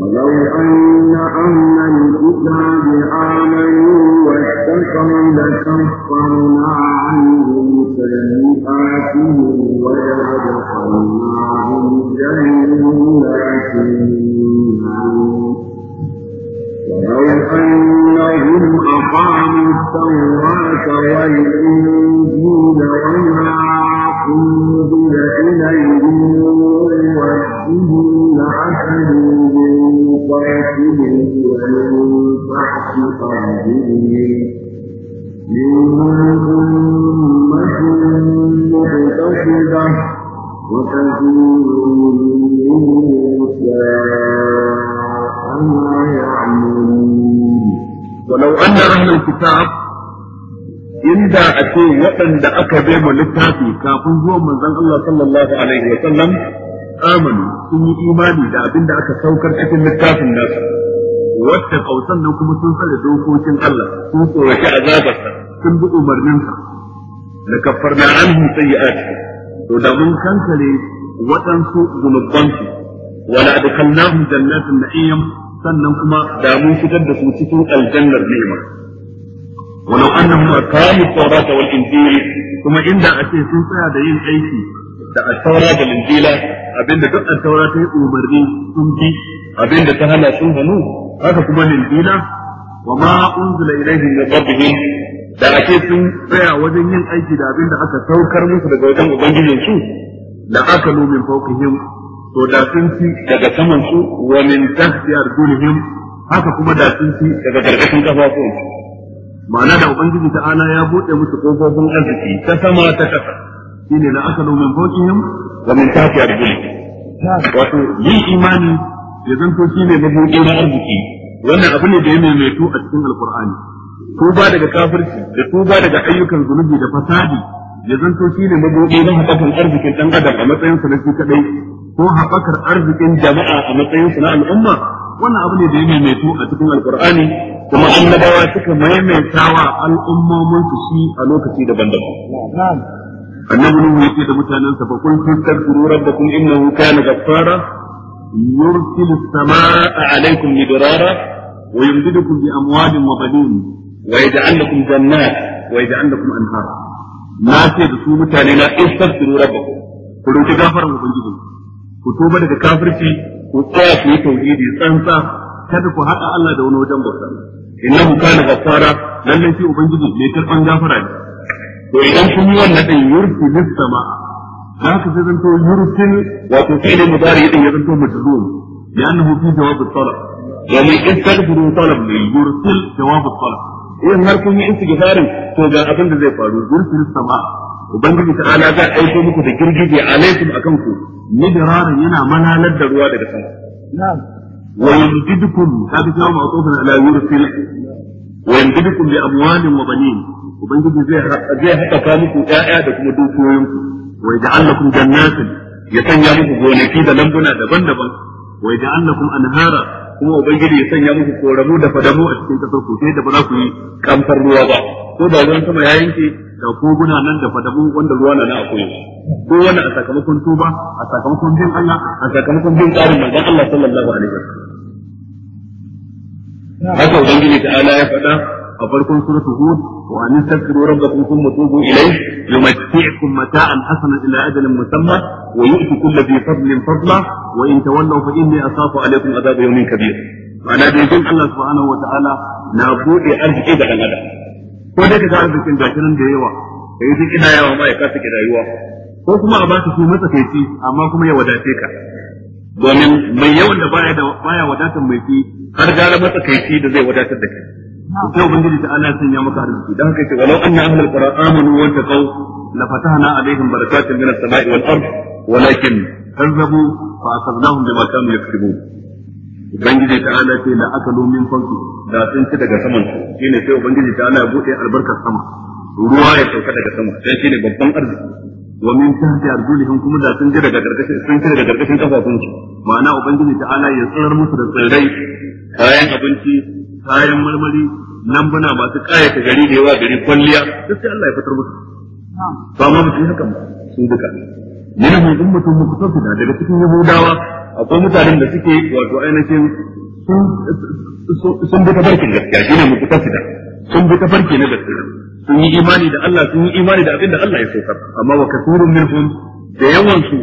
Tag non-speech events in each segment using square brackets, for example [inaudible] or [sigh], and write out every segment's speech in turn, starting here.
ولو أن أهل الكتاب آمنوا واتقوا لكفرنا عنهم سيئاتهم ولأدخلناهم جنات ولو أنهم أقاموا التوراة والإنجيل وما أنزل إليهم وجهه لعتدوا من قاتلهم ومن تحت أرجلهم منهم أمة مقتصدة وكثير منهم ساء ما يعملون ولو أن أهل الكتاب inda a ce waɗanda aka bai mu littafi kafin zuwa manzon Allah sallallahu alaihi wa sallam amanu sun yi imani da abin da aka saukar cikin littafin nasu wacce kausan nan kuma sun tsare dokokin Allah sun tsoraci azabarsa sun bi umarninsa da kafarna ya sayyi'ati to da mun kankare waɗansu zunubansu wala adkhalnahum jannatin na'im sannan kuma da mun fitar da su cikin aljannar ni'ima ولو أنهم أقاموا التوراة والإنجيل ثم إن أتي سنسا دين أيكي da attaura da linjila abinda duk attaura ta yi umarni sun bi abinda ta hana sun hannu haka kuma linjila wa ma unzila ilaihim min rabbihim da ake sun tsaya wajen yin aiki da abin da aka saukar musu daga wajen ubangijin su la akalu min fawqihim to da sun ci daga saman su wa min tahti arjulihim haka kuma da sun ci daga gargashin kafafuwan ma'ana da ubangiji ta ana ya bude musu kofofin arziki ta sama ta kasa shine na akalu min fawqihim wa min tahti arjulihim wato yin imani ya zanto shine mabudi na arziki wannan abu ne da ya maimaitu a cikin alqur'ani tuba daga kafirci da tuba daga ayyukan zunubi da fasadi ya zanto shine mabudi na hadakan arzikin dan adam a matsayin sa na shi kadai ko haɓakar arzikin jama'a a matsayin su na al'umma wannan abu ne da ya maimaitu a cikin alkur'ani kuma annabawa suka maimaita wa al'ummomin su shi a lokaci daban-daban annabi nuhu yake da mutanen sa fa kun tastaghfiru rabbakum innahu kana ghaffara yursilu samaa'a 'alaykum midrara wa yumdidukum bi amwalin wa banin wa yaj'al lakum jannat wa yaj'al lakum anhara na ce da su mutane na istaghfiru rabbakum ku roki gafaran ubangiji ku toba daga kafirci ku tsaya ku yi tauhidi tsantsa kada ku haɗa Allah da wani wajen bauta innahu kana ghaffara lallai shi ubangiji mai karban gafara ne to idan kun yi wannan din yursilis sama'a da haka sai zanto yursil wato fi'il mudari din ya zanto majzum li'annahu fi jawab at-talab yani istaghfiru talab ne yursil jawab at-talab in har kun yi istighfarin to ga abin da zai faru yursilis sama'a ubangiji ta ala za aiko muku da girgije laifin akan ku midrarin yana malalar da ruwa daga sama wa yumdidukum hadi kawo ma'tufan ala yursil wa yumdidukum bi amwalin wa banin ubangiji zai zai haɗa muku ƴaƴa da kuma dukiyoyin ku wa yaj'al jannatin ya sanya muku gonaki da lambuna daban-daban wa yaj'al anhara kuma ubangiji ya sanya muku koramu da fadamu a cikin kasar ku sai da ba za ku yi kamfar ruwa ba ko ba ruwan sama ya yanke da koguna nan da fadamu wanda ruwa na na akwai ko wanda a sakamakon tuba a sakamakon bin Allah a sakamakon bin tsarin manzon Allah sallallahu alaihi wasallam haka ubangiji ta ala ya faɗa a farkon suratul hud wa an tastaghfiru rabbakum thumma tubu ilayhi yumatti'ukum mata'an hasanan ila ajalin musamma wa yu'ti kulli dhi fadlin fadla wa in tawallaw fa inni akhafu alaykum adhab yawmin kabir ma'ana dai Allah subhanahu wa ta'ala na bude arziki ga dan adam ko dai ka ga arzikin gashirin da yawa ka yi duk ina yawa ma ya kasa rayuwa ko kuma a baka su matsakaici amma kuma ya wadace ka domin mai yawan da baya wadatar mai fi har gara matsakaici da zai wadatar da kai sai ubangiji ta ana sanya maka arziki dan haka ce walau anna ahlul qura amanu wa taqaw la fatahna alaihim barakatun minas sama'i wal ard walakin kazzabu fa akhadnahum bima kanu yaktubun ubangiji ta ala ce da aka min fawqi da sun ci daga saman ne sai ubangiji ta ala buɗe bude albarkar sama ruwa ya sauka daga sama sai ne babban arziki wa min tahti arjulihim kuma da sun ji daga gargashin sun ci daga gargashin kafafun su ma'ana ubangiji ta ala ya tsirar musu da tsirrai kayan abinci kayan marmari nan bana masu kayata gari da yawa gari kwalliya duk sai Allah ya fitar musu ba ma mutum haka sun duka ne minhum ummatun muqtasida daga cikin yahudawa akwai mutanen da suke wato ainihin sun bi tafarkin gaskiya shine mutakasida sun bi tafarki na gaskiya sun yi imani da Allah sun yi imani da abin da Allah ya saukar amma wa kasurun minhum da yawan su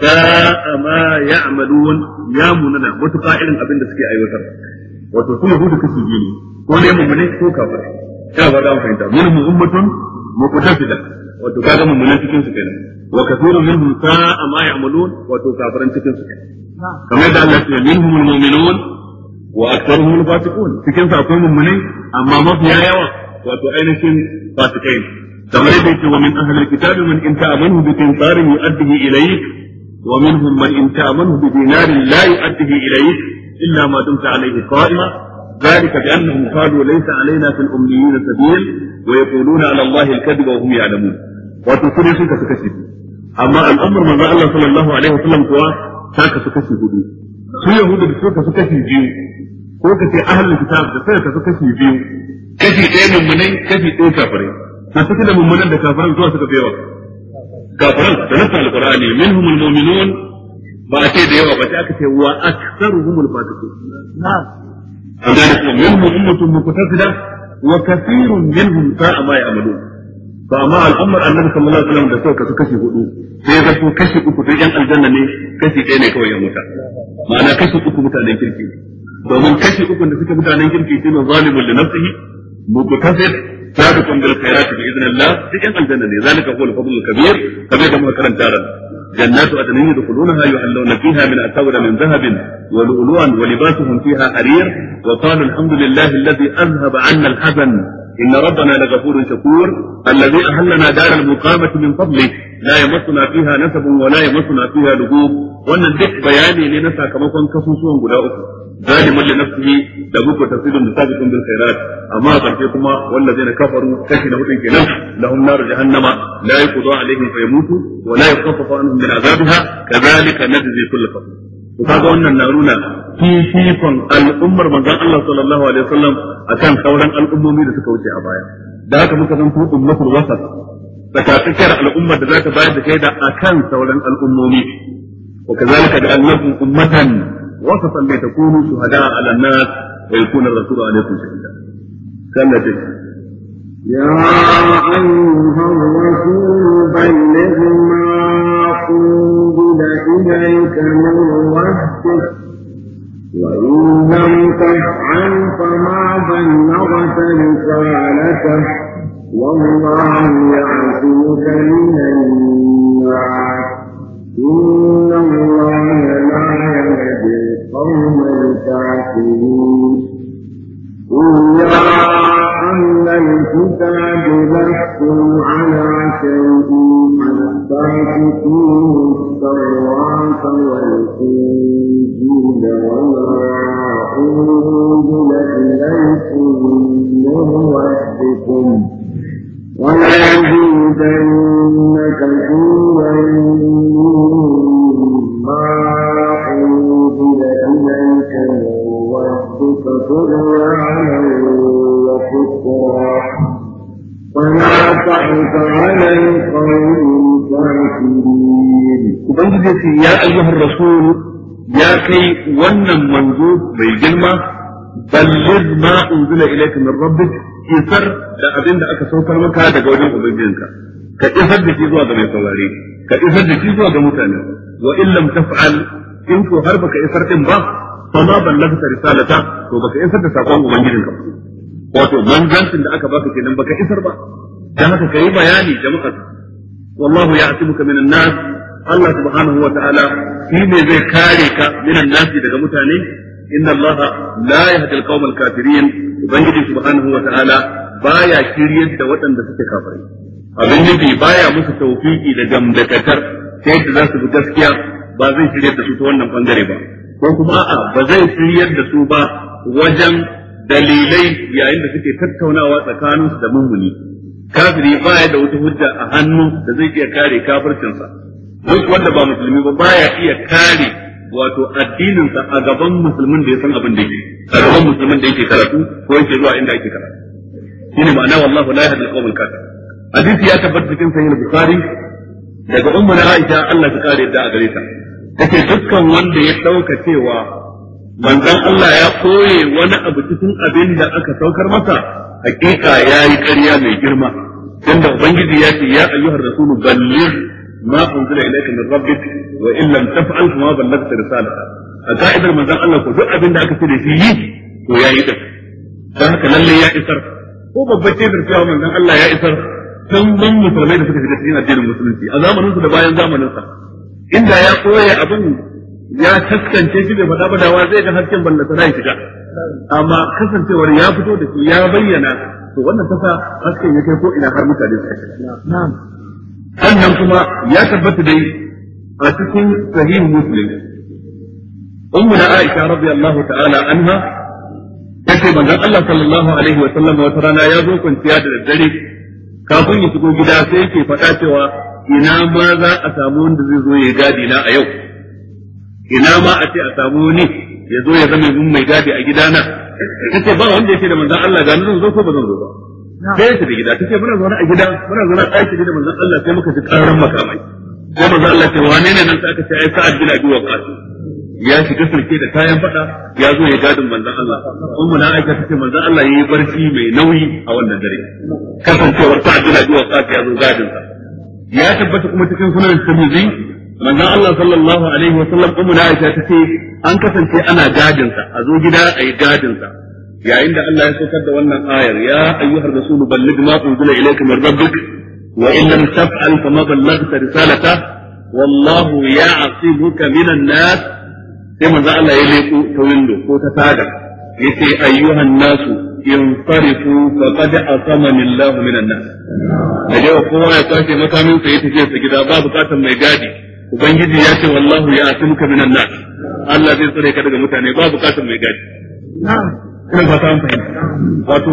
ya ma ya'malun ya munana mutuka irin abin da suke aiwatar wato suna yahudu kashi biyu ne ko ne mummune ko kafirai ta ba da fahimta minhum ummatun muqtasida wato kaga mummunan cikin su kenan wa kasurun minhum sa'a ma ya'malun wato kafiran cikin su kenan kamar yadda Allah ya minhum almu'minun wa aktharuhum alfasiqun cikin sa akwai mu'minai amma mafiya yawa wato ainihin fasikai kamar yadda yake wa min ahli a man in ta'amanu bi tinsarin yu'addihi ilayk wa minhum man in ta'amanu bi dinarin la yu'addihi ilayk illa ma dumta alayhi qa'ima ذلك بأنهم قالوا ليس علينا في الأميين سبيل ويقولون على الله الكذب وهم يعلمون وتصرفوا كسكسي أما الأمر من الله صلى الله عليه وسلم kuwa. ta kasu kashi hudu su yahudu da su kasu kashi biyu ko ka ce ahlul kitab da sai kasu kashi biyu kashi ɗaya mummunai kashi ɗaya kafirai da suke da mummunan da kafiran zuwa suka bewa kafiran da nasa alqur'ani minhumul mu'minun ba a ce da yawa ba sai aka ce wa aktsaruhumul fasiqun na'am an gane kuma minhum ummatun muqtasida wa kathirun minhum sa'a ma ya'malun ba ma al'ummar annabi sallallahu alaihi wasallam da suka kasu kashi hudu sai ya zato kashi uku duk yan aljanna ne kashi ɗaya ne kawai ya mutu ma'ana kashi uku mutanen kirki domin kashi uku da suka mutanen kirki shi ne zalimun li nafsihi muqtasid sabiqun bil khairati bi idnillah duk yan aljanna ne zalika huwa al-fadl al-kabir kamar da muka karanta ran جنات أدن يدخلونها يحلون min من أساور من ذهب ولؤلؤا ولباسهم فيها حرير وقالوا الحمد لله الذي أذهب عنا hazan. إن ربنا لغفور شكور الذي أهلنا دار المقامة من فضله لا يمسنا فيها نسب ولا يمسنا فيها لغوب وأن الدك بياني لنسى كما كان كفوسون قلاء ظالما لنفسه لبوك تفصيل مسابق بالخيرات أما قلتكما والذين كفروا كشن هدن لهم نار جهنم لا يقضى عليهم فيموتوا ولا يخفف عنهم من عذابها كذلك نجزي كل كفور وهذا أن نارنا fifikon al'ummar manzon Allah sallallahu alaihi wasallam akan sauran al'ummomi da suka wuce a baya da haka muka san ku ummatul wasat tsakatsakiyar al'ummar da zaka bayar da shaida akan sauran al'ummomi wa kazalika da annakum ummatan wasatan li takunu shuhada'a 'ala an-nas wa yakuna ar-rasulu 'alaykum shahida sallati يا أيها الرسول بلغ ما أنزل إليك من ربك وإن لم تفعل فما بلغت رسالته والله يعصمك من الناس إن الله لا يهدي القوم الكافرين قل يا أهل الكتاب لستم على شيء التمسك فيه التوراة والإنجيل وما أنزل إليكم من ربكم وليزيدن كثيرا مما أنزل القوم ubangiji ce ya ayyuhar rasul ya kai wannan manzo mai girma balligh ma unzila ilayka min rabbik isar da abin da aka saukar maka daga wajen ubangijinka ka isar da shi zuwa ga mai saurare ka isar da shi zuwa ga mutane wa in lam taf'al in ko har baka isar din ba fa ma ballagta risalata to baka isar da sakon ubangijinka wato manzancin da aka baka kenan baka isar ba dan haka kai bayani jama'a wallahu ya'tibuka minan nas Allah subhanahu wa ta'ala shi ne zai kare ka minan nasi daga mutane inna Allah la yahdi al-qawm al-kafirin ubangiji subhanahu wa ta'ala baya kiryar da waɗanda suke kafirai abin nufi baya musu tawfiki da gamdakatar sai da za su bi gaskiya ba zai shiryar da su ta wannan bangare ba ko kuma a'a ba zai shiryar da su ba wajen dalilai yayin da suke tattaunawa tsakaninsu da mummuni kafiri baya da wata hujja a hannu da zai iya kare kafircinsa duk wanda ba musulmi ba baya iya kare wato addininsa a gaban musulmin da ya san abin da yake a gaban musulmin da yake karatu ko yake zuwa inda yake karatu shine ma'ana wallahu la yahdi al-qawm al-kafir hadisi ya tabbata cikin sahih bukhari daga ummu na aisha Allah ta kare da a gare ta take dukkan wanda ya dauka cewa manzon Allah ya koye wani abu cikin abin da aka saukar masa hakika yayi ƙarya mai girma tunda ubangiji ya ce ya ayyuhar rasulu balligh ma unzila ilayka min rabbik wa in lam taf'al fa ma ballagta risalata a ka'idar manzon Allah ko duk abin da aka fi da shi yi to yayi da dan haka lalle ya isar ko babbar shaidar cewa manzon Allah ya isar dan ban musulmai da suka shiga cikin addinin musulunci a zamanin su da bayan zamanin sa inda ya koya abin ya taskance shi da faɗa ba da zai ga hasken ballata na shiga amma kasancewar ya fito da shi ya bayyana ko wannan tasa hasken ya kai ko ina har mutane su na'am sannan kuma ya tabbata dai a cikin sahih muslim ummu na aisha radiyallahu ta'ala anha tace manzon Allah sallallahu alaihi wa sallam wata rana ya zo kwanciya da daddare kafin ya shigo gida sai yake faɗa cewa ina ma za a samu wanda zai zo ya gadi na a yau ina ma a ce a samu ni ya zo ya zama mun mai gadi a gidana kace ba wanda yake da manzon Allah ga nan zo ko ba zan zo ba sai ta da gida take muna zaune a gida muna zaune a ɗaki da manzon Allah sai muka ji karan makamai sai manzon Allah ce wane ne nan sai aka ce ai sa'ad bin abi waqas ya shiga sarki da kayan fada ya zo ya gadin manzon Allah ummu na aika tace manzon Allah yayi barci mai nauyi a wannan dare kasancewar sa'ad bin abi waqas ya zo gadin sa ya tabbata kuma cikin sunan Tirmidhi manzon Allah sallallahu alaihi wa sallam ummu na aika tace an kasance ana gadin sa a zo gida ayi gadin sa yayin da Allah ya saukar da wannan ayar ya ayyuhar rasulu ballig ma unzila ilayka min rabbik wa in lam taf'al fama ballaghta risalata wallahu ya'simuka minan nas sai manzo Allah ya leko ta window ko ta taga yace ayyuhan nasu yanfarifu faqad asamani Allah minan nas da kowa ya kwace makamin sa yace sa gida ba bukatar mai gadi ubangiji ya ce wallahu ya asimuka minan nas Allah zai tsare ka daga mutane ba bukatar mai gadi ina fata an fahimta wato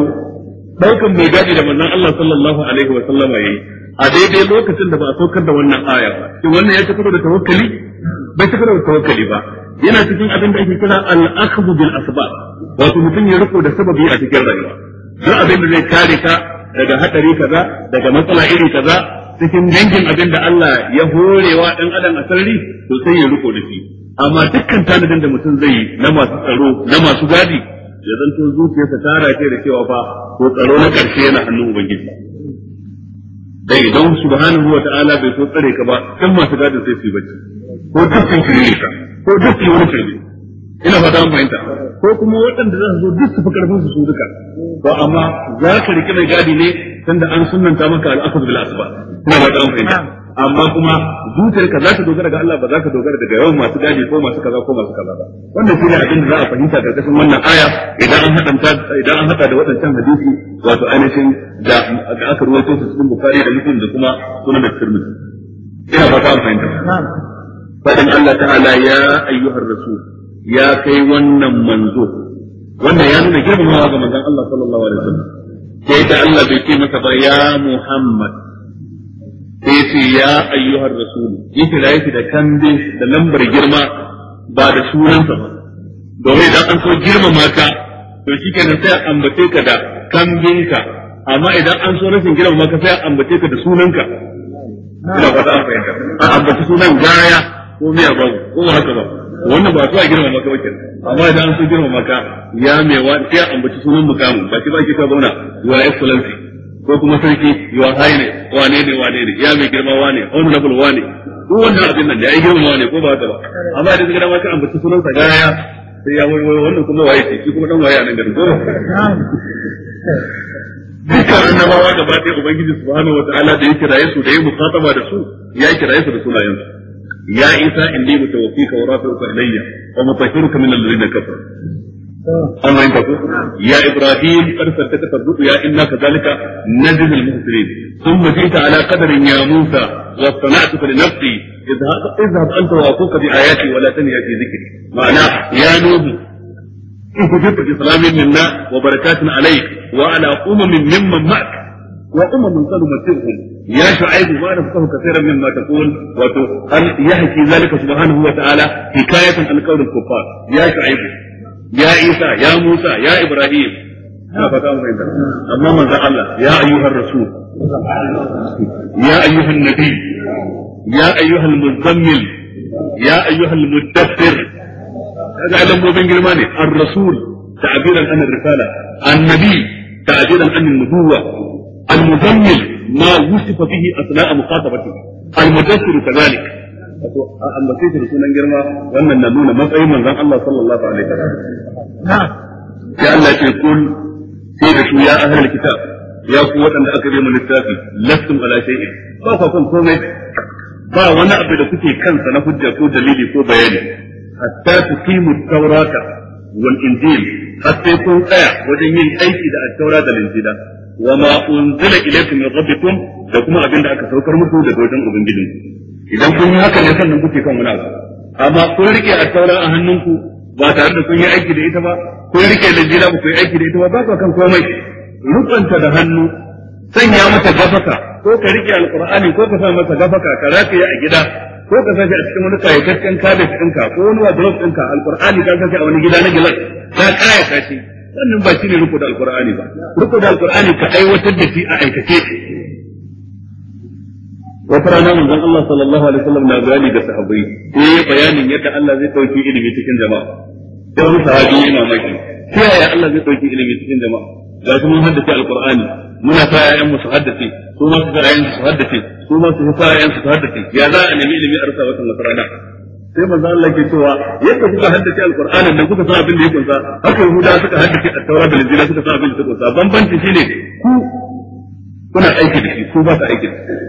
daukan mai gadi da manzon Allah sallallahu alaihi wa yayi a daidai lokacin da ba a saukar da wannan aya ba shin wannan ya tafi da tawakkali bai tafi da tawakkali ba yana cikin abin da ake kira al-akhdhu bil asbab wato mutum ya riko da sababi a cikin rayuwa duk abin da zai kare ka daga hadari kaza daga matsala iri kaza cikin dangin abin da Allah ya horewa dan adam a sarari to sai ya riko da shi amma dukkan tanadin da mutum zai yi na masu tsaro na masu gadi ya zanto zuciyarsa ta rake da cewa fa ko tsaro na karshe yana hannun ubangiji dai idan subhanahu wa ta'ala bai so tsare ka ba kan masu gadin sai su yi bacci ko dukkan kirmi ka ko dukkan wani kirmi ina fata an fahimta ko kuma waɗanda za zo duk su fi karfin su duka ba amma za ka riƙe mai gadi ne tunda an sunanta maka al'akuz bil asba ina fata an fahimta amma kuma zuciyarka za ta dogara ga Allah ba za ka dogara daga yawan masu gadi ko masu kaza ko masu kaza ba wannan shine abin da za a fahimta karkashin wannan aya idan an haɗa idan an hada da waɗancan hadisi wato ainihin da da aka ruwaito su cikin Bukhari da Muslim da kuma sunan da Tirmidhi ina fata an fahimta fadin Allah ta'ala ya ayyuhar rasul ya kai wannan manzo wannan ya nuna girmamawa ga manzon Allah sallallahu alaihi wasallam sai da Allah bai ce masa ba ya Muhammad sai ce ya ayyuhar rasul yi da yake da kande da lambar girma ba da sunansa ba domin idan an so girma maka to shi kenan sai a ambace ka da kanbinka. amma idan an so rashin girma maka sai a ambace ka da sunanka ina fata an fahimta a ambaci sunan gaya ko miya babu ko haka ba wannan ba a girma maka ba amma idan an so girma maka ya mewa sai a ambaci sunan mukamu ba ki ba ki ka zauna wa excellency ko kuma sarki yawan sai ne wane ne wane ne ya mai girma wane honorable wane duk wannan abin nan da ya girma wane ko ba haka ba amma idan ka dama ka ambaci sunan sa gaya sai ya wai wai wannan kuma waye shi kuma dan waye a nan garin ko dukkan annabawa gaba ɗaya ubangiji subhanahu wataala da ya kiraye su da ya mukataba da su ya kiraye su da sunayen su ya isa inni mutawaffika wa rafi'uka ilayya wa mutahhiruka min alladhina kafaru an rinka ya ibrahim karfar ta kasar ya inna ka zalika na jinin musulmi sun mace ta ala kadarin ya musa wa sana ta kudi nafsi idan ka anta wa kuka bi ayati wala tani ya fi zikiri ma'ana ya nubu in ku jirka islamin minna wa barakatun alai wa ala umamin mimman ma'ak wa umamin kanu masirhu ya shu'aibu ma da suka kafe ran min mata wato an ya haki zalika subhanahu wa ta'ala hikayatan alqawl al-kuffar ya shu'aibu ya Isa ya Musa ya Ibrahim na fata mu fahimta amma manzon Allah ya ayyuhar rasul ya ayyuhan nabi ya ayyuhal muzammil ya ayyuhal muddabbir kaga alamomin girma ne ar-rasul ta'biran an ar-risala an-nabi ta'biran an an-nubuwa al-muzammil ma wusifa bihi asna'a muqatabatihi al-mudaththir kadhalik wato an ambace shi da sunan girma wannan na nuna matsayin manzon Allah sallallahu alaihi wasallam ya Allah ce kun sai da su ya ahlul kitab ya ku waɗanda aka bai mu littafi lastum ala shay'in ba ku komai ba wani abu da kuke kansa na hujja ko dalili ko bayani hatta tuqimu tawrata wal injil hatta kun tsaya wajen yin aiki da at-taura da injila wa ma unzila ilaykum min rabbikum da kuma abinda aka saukar muku daga wajen ubangijinku idan kun yi haka ne sannan kuke kan wani abu amma kun rike a a hannunku ba tare da kun yi aiki da ita ba kun rike da jira ba kun yi aiki da ita ba ba ku kan komai rukanta da hannu sanya mata gafaka ko ka rike alkurani ko ka sa mata gafaka ka rataye a gida ko ka sashi a cikin wani kayataccen kabis ɗinka ko wani wadrop ɗinka alkur'ani ka sashi a wani gida na gilas ka kayata shi wannan ba shi ne da alkur'ani ba riko da ka aiwatar da shi a aikace wata rana manzon Allah sallallahu alaihi wasallam na gani da sahabbai sai ya bayanin yadda Allah zai dauki ilimi cikin jama'a sai wani sahabi yana maki ta yaya Allah zai dauki ilimi cikin jama'a ga su mun haddace alqur'ani muna sa yayan mu su haddace su ma su yayan su haddace su ma su sa yayan su haddace ya za a nemi ilimi a rasa wata masarada sai manzo Allah ke cewa yadda kuka haddace alqur'anin da kuka san abin da ya kunsa haka yahuda suka haddace at-taura da injila suka san abin da ya kunsa bambanci shine ku kuna aiki da shi ku ba ta aiki da shi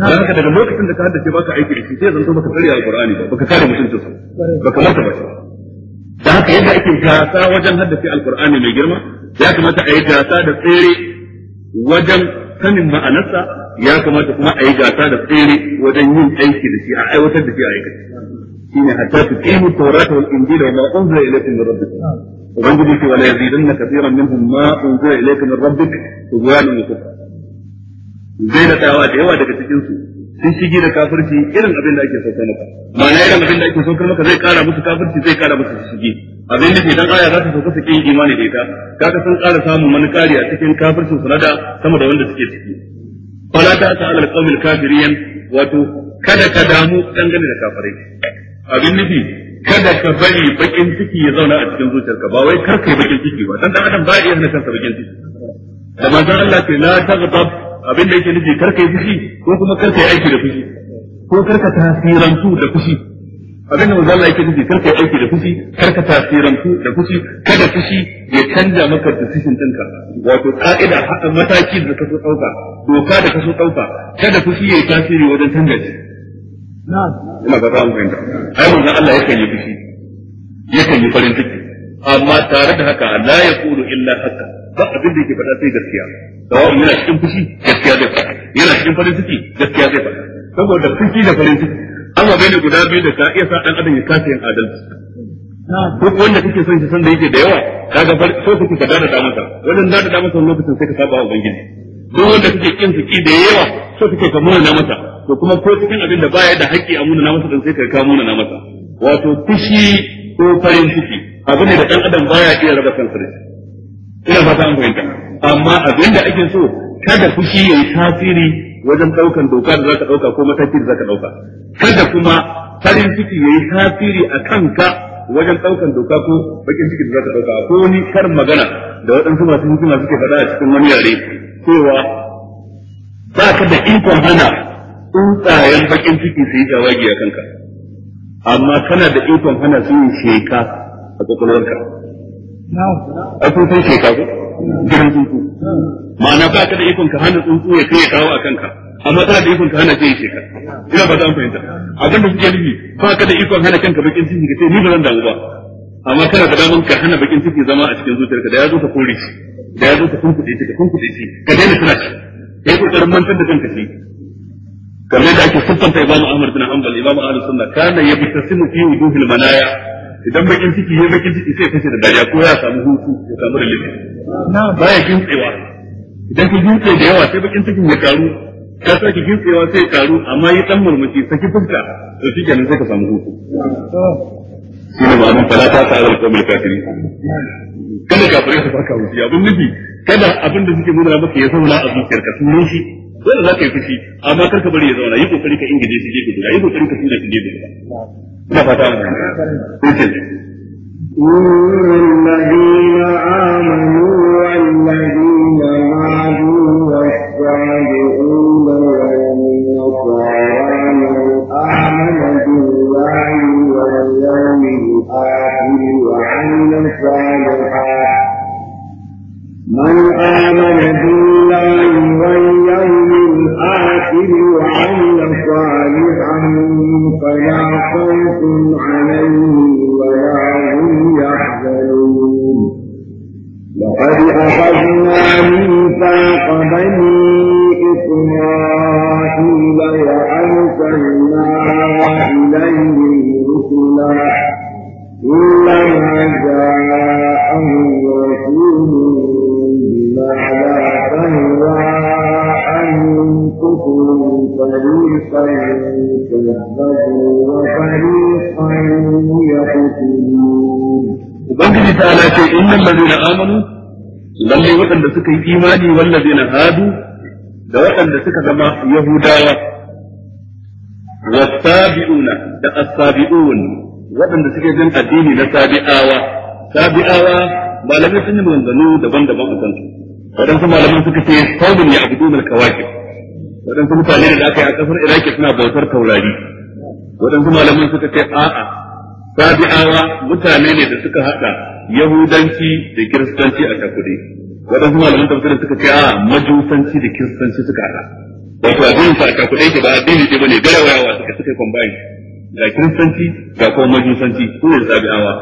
dan haka daga lokacin da ka haddace baka aiki da shi sai zanto baka tsare alqur'ani ba baka kare mutuncin sa baka mata ba dan haka yadda ake gasa wajen haddace alqur'ani mai girma ya kamata a yi gasa da tsere wajen sanin ma'anarsa ya kamata kuma a yi gasa da tsere wajen yin aiki da shi a aiwatar da shi a aikata shine hatta tuqimu tawrata wal injila wa ma unzila ilaykum min rabbikum ubangiji ce wala yazidanna kathiran minhum ma unzila ilayka min rabbik tughyana wa kufra zai da da yawa daga cikin su sun shige da kafirci irin abin da ake saukar maka ma'ana irin abin da ake saukar maka zai kara musu kafirci zai kara musu shige abin da ke dan aya za ta sauka su kin imani da ita kaga sun kara samun wani a cikin kafircin su nada sama da wanda suke ciki fala ta ta alal qawmil kafiriyan wato kada ka damu dangane da kafirai abin nufi kada ka bari bakin ciki ya zauna a cikin zuciyarka ba wai kar yi bakin ciki ba dan dan adam ba ya hana kansa bakin ciki da manzon Allah ce la taghdab abin da yake nufi karka yi fushi ko kuma karka yi aiki da fushi ko karka tasirantu da fushi abin da manzo Allah yake nufi karka yi aiki da fushi karka tasirantu da fushi kada fushi ya canja maka decision ɗinka wato ka'ida mataki da ka so ɗauka doka da ka so ɗauka kada fushi ya yi tasiri wajen canja shi ina ba za fahimta ai manzo Allah yakan yi fushi yakan yi farin ciki amma tare da haka la yaqulu illa haqqan ba abin da yake faɗa sai gaskiya sawa'un yana cikin fushi gaskiya zai faɗa yana cikin farin ciki gaskiya zai faɗa saboda fushi da farin ciki amma bai ne guda biyu da ka iya sa ɗan adam ya kasa yin adalci duk wanda kake son shi san da yake da yawa kaga so kake ka dada masa da da masa lokacin sai ka saba wa ubangiji duk wanda kake kin su da yawa so kake ka muna masa to kuma ko cikin abin da baya da haƙƙi a muna masa dan sai ka ka muna masa wato fushi ko farin ciki abu ne da ɗan adam baya iya raba kansa da shi ina fata an fahimta amma abin da ake so kada fushi yayi tasiri wajen daukan doka da zaka dauka ko mataki da zaka dauka kada kuma farin ciki yayi tasiri a kanka wajen daukan doka ko bakin ciki da zaka dauka ko ni kar magana da waɗansu masu hikima suke faɗa a cikin wani yare cewa ba ka da ikon hana tsuntsayen bakin ciki su yi a kanka amma kana da ikon hana su yi sheka a kwakwalwarka a tsutsun shekaru gidan tsuntsu ma'ana ba ka da ikon ka hana tsuntsu ya kai ya kawo a kanka amma tana da ikon ka hana sai shekaru ina ba za fahimta abin da suke nufi ba ka da ikon hana kanka bakin ciki ka ce ni ba zan damu ba amma kana da daman ka hana bakin ciki zama a cikin zuciyarka da ya zo ka kore shi da ya zo ka kunkuɗe shi ka kunkuɗe shi ka daina tana shi kai kokarin mantar da kanka shi kamar da ake siffanta imamu ahmad bin hanbal imamu ahlus sunna kana yabtasimu fi wujuhil manaya idan bakin ciki ya bakin ciki sai kace da dariya ko ya samu hutu ya samu rilifi na baya gintsewa idan ka gintse da yawa sai bakin cikin ya karu ka sake gintsewa sai karu amma yi dan murmushi saki fuska to shi kenan sai ka samu hutu shi ne ma'anin fala ta ta azal kawai kafiri kada kafirai su farka wuce abin nufi kada abin da suke nuna maka ya zauna a zuciyarka sun shi dole za ka yi fushi amma kar ka bari ya zauna yi kokari ka ingaje shi je guda yi kokari ka tura shi je guda ina fata mu sai imani na hadu da waɗanda suka zama yahudawa wasabi'una da asabi'un waɗanda suke jin addini na sabi'awa sabi'awa malamai sun yi maganganu daban-daban a kansu waɗansu malamai suka ce saumin ya abu dunar kawakib waɗansu mutane da aka yi a ƙasar iraki suna bautar taurari waɗansu malamai suka ce a'a sabi'awa mutane ne da suka haɗa yahudanci da kiristanci a takudi waɗansu malaman tafsirin suka ce a majusanci da kiristanci suka haɗa wato abin sa ka kuɗe shi ba addini ce bane garawayawa suka suka combine ga kiristanci ga kuma majusanci su ne awa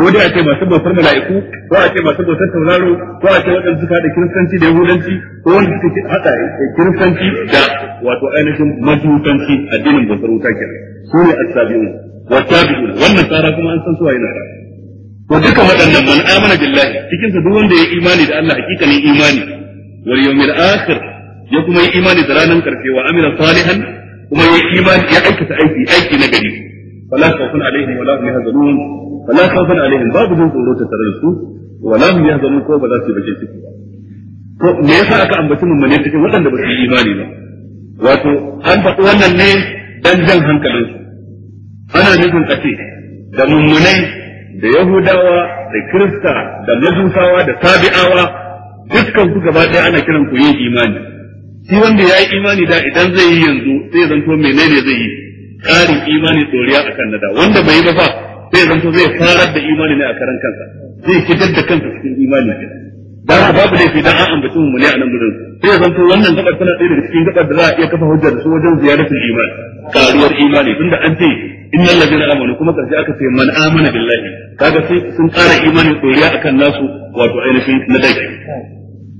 ko dai a ce masu bautar mala'iku ko a ce masu bautar tauraro ko a ce waɗanda suka haɗa kiristanci da yahudanci ko wanda suka haɗa kiristanci da wato ainihin majusanci addinin bautar wuta kenan su ne as wa tabi'un wannan tsara kuma an san su waye na to duka waɗannan man amana billahi cikin sa duk wanda ya imani da Allah hakikanin imani wal yawmil akhir ya kuma yi imani da ranar karshe wa amila salihan kuma ya imani ya aikata aiki aiki na gari fala khawfun alaihim wala hum yahzanun fala khawfun alaihim babu jin tsoro ta tare su wala hum yahzanun ko ba za su bace ciki ba to me yasa aka ambaci mummune cikin waɗanda ba su yi imani ba wato an wannan ne jan hankalinsu ana nufin da mummunai da yahudawa da kirista da majusawa da Sabi'awa, dukkan su gaba ɗaya ana kiran ku yin imani shi wanda ya yi imani da idan zai yi yanzu zan to menene zai yi ƙarin imani doriya kan nada wanda bai yi ba fa zan to zai farar da imani ne a karan kansa zai fitar da kansa cikin imani da babu babu laifi da an ambaci mu ne a nan gurin sai to wannan gabar tana ɗaya daga cikin gabar da za a iya kafa hujjar su wajen ziyaratul iman karuwar imani tunda an ce innal ladina amanu kuma karshe aka ce man amana billahi kaga sai sun ƙara imanin tsoriya akan nasu wato ainihin na dai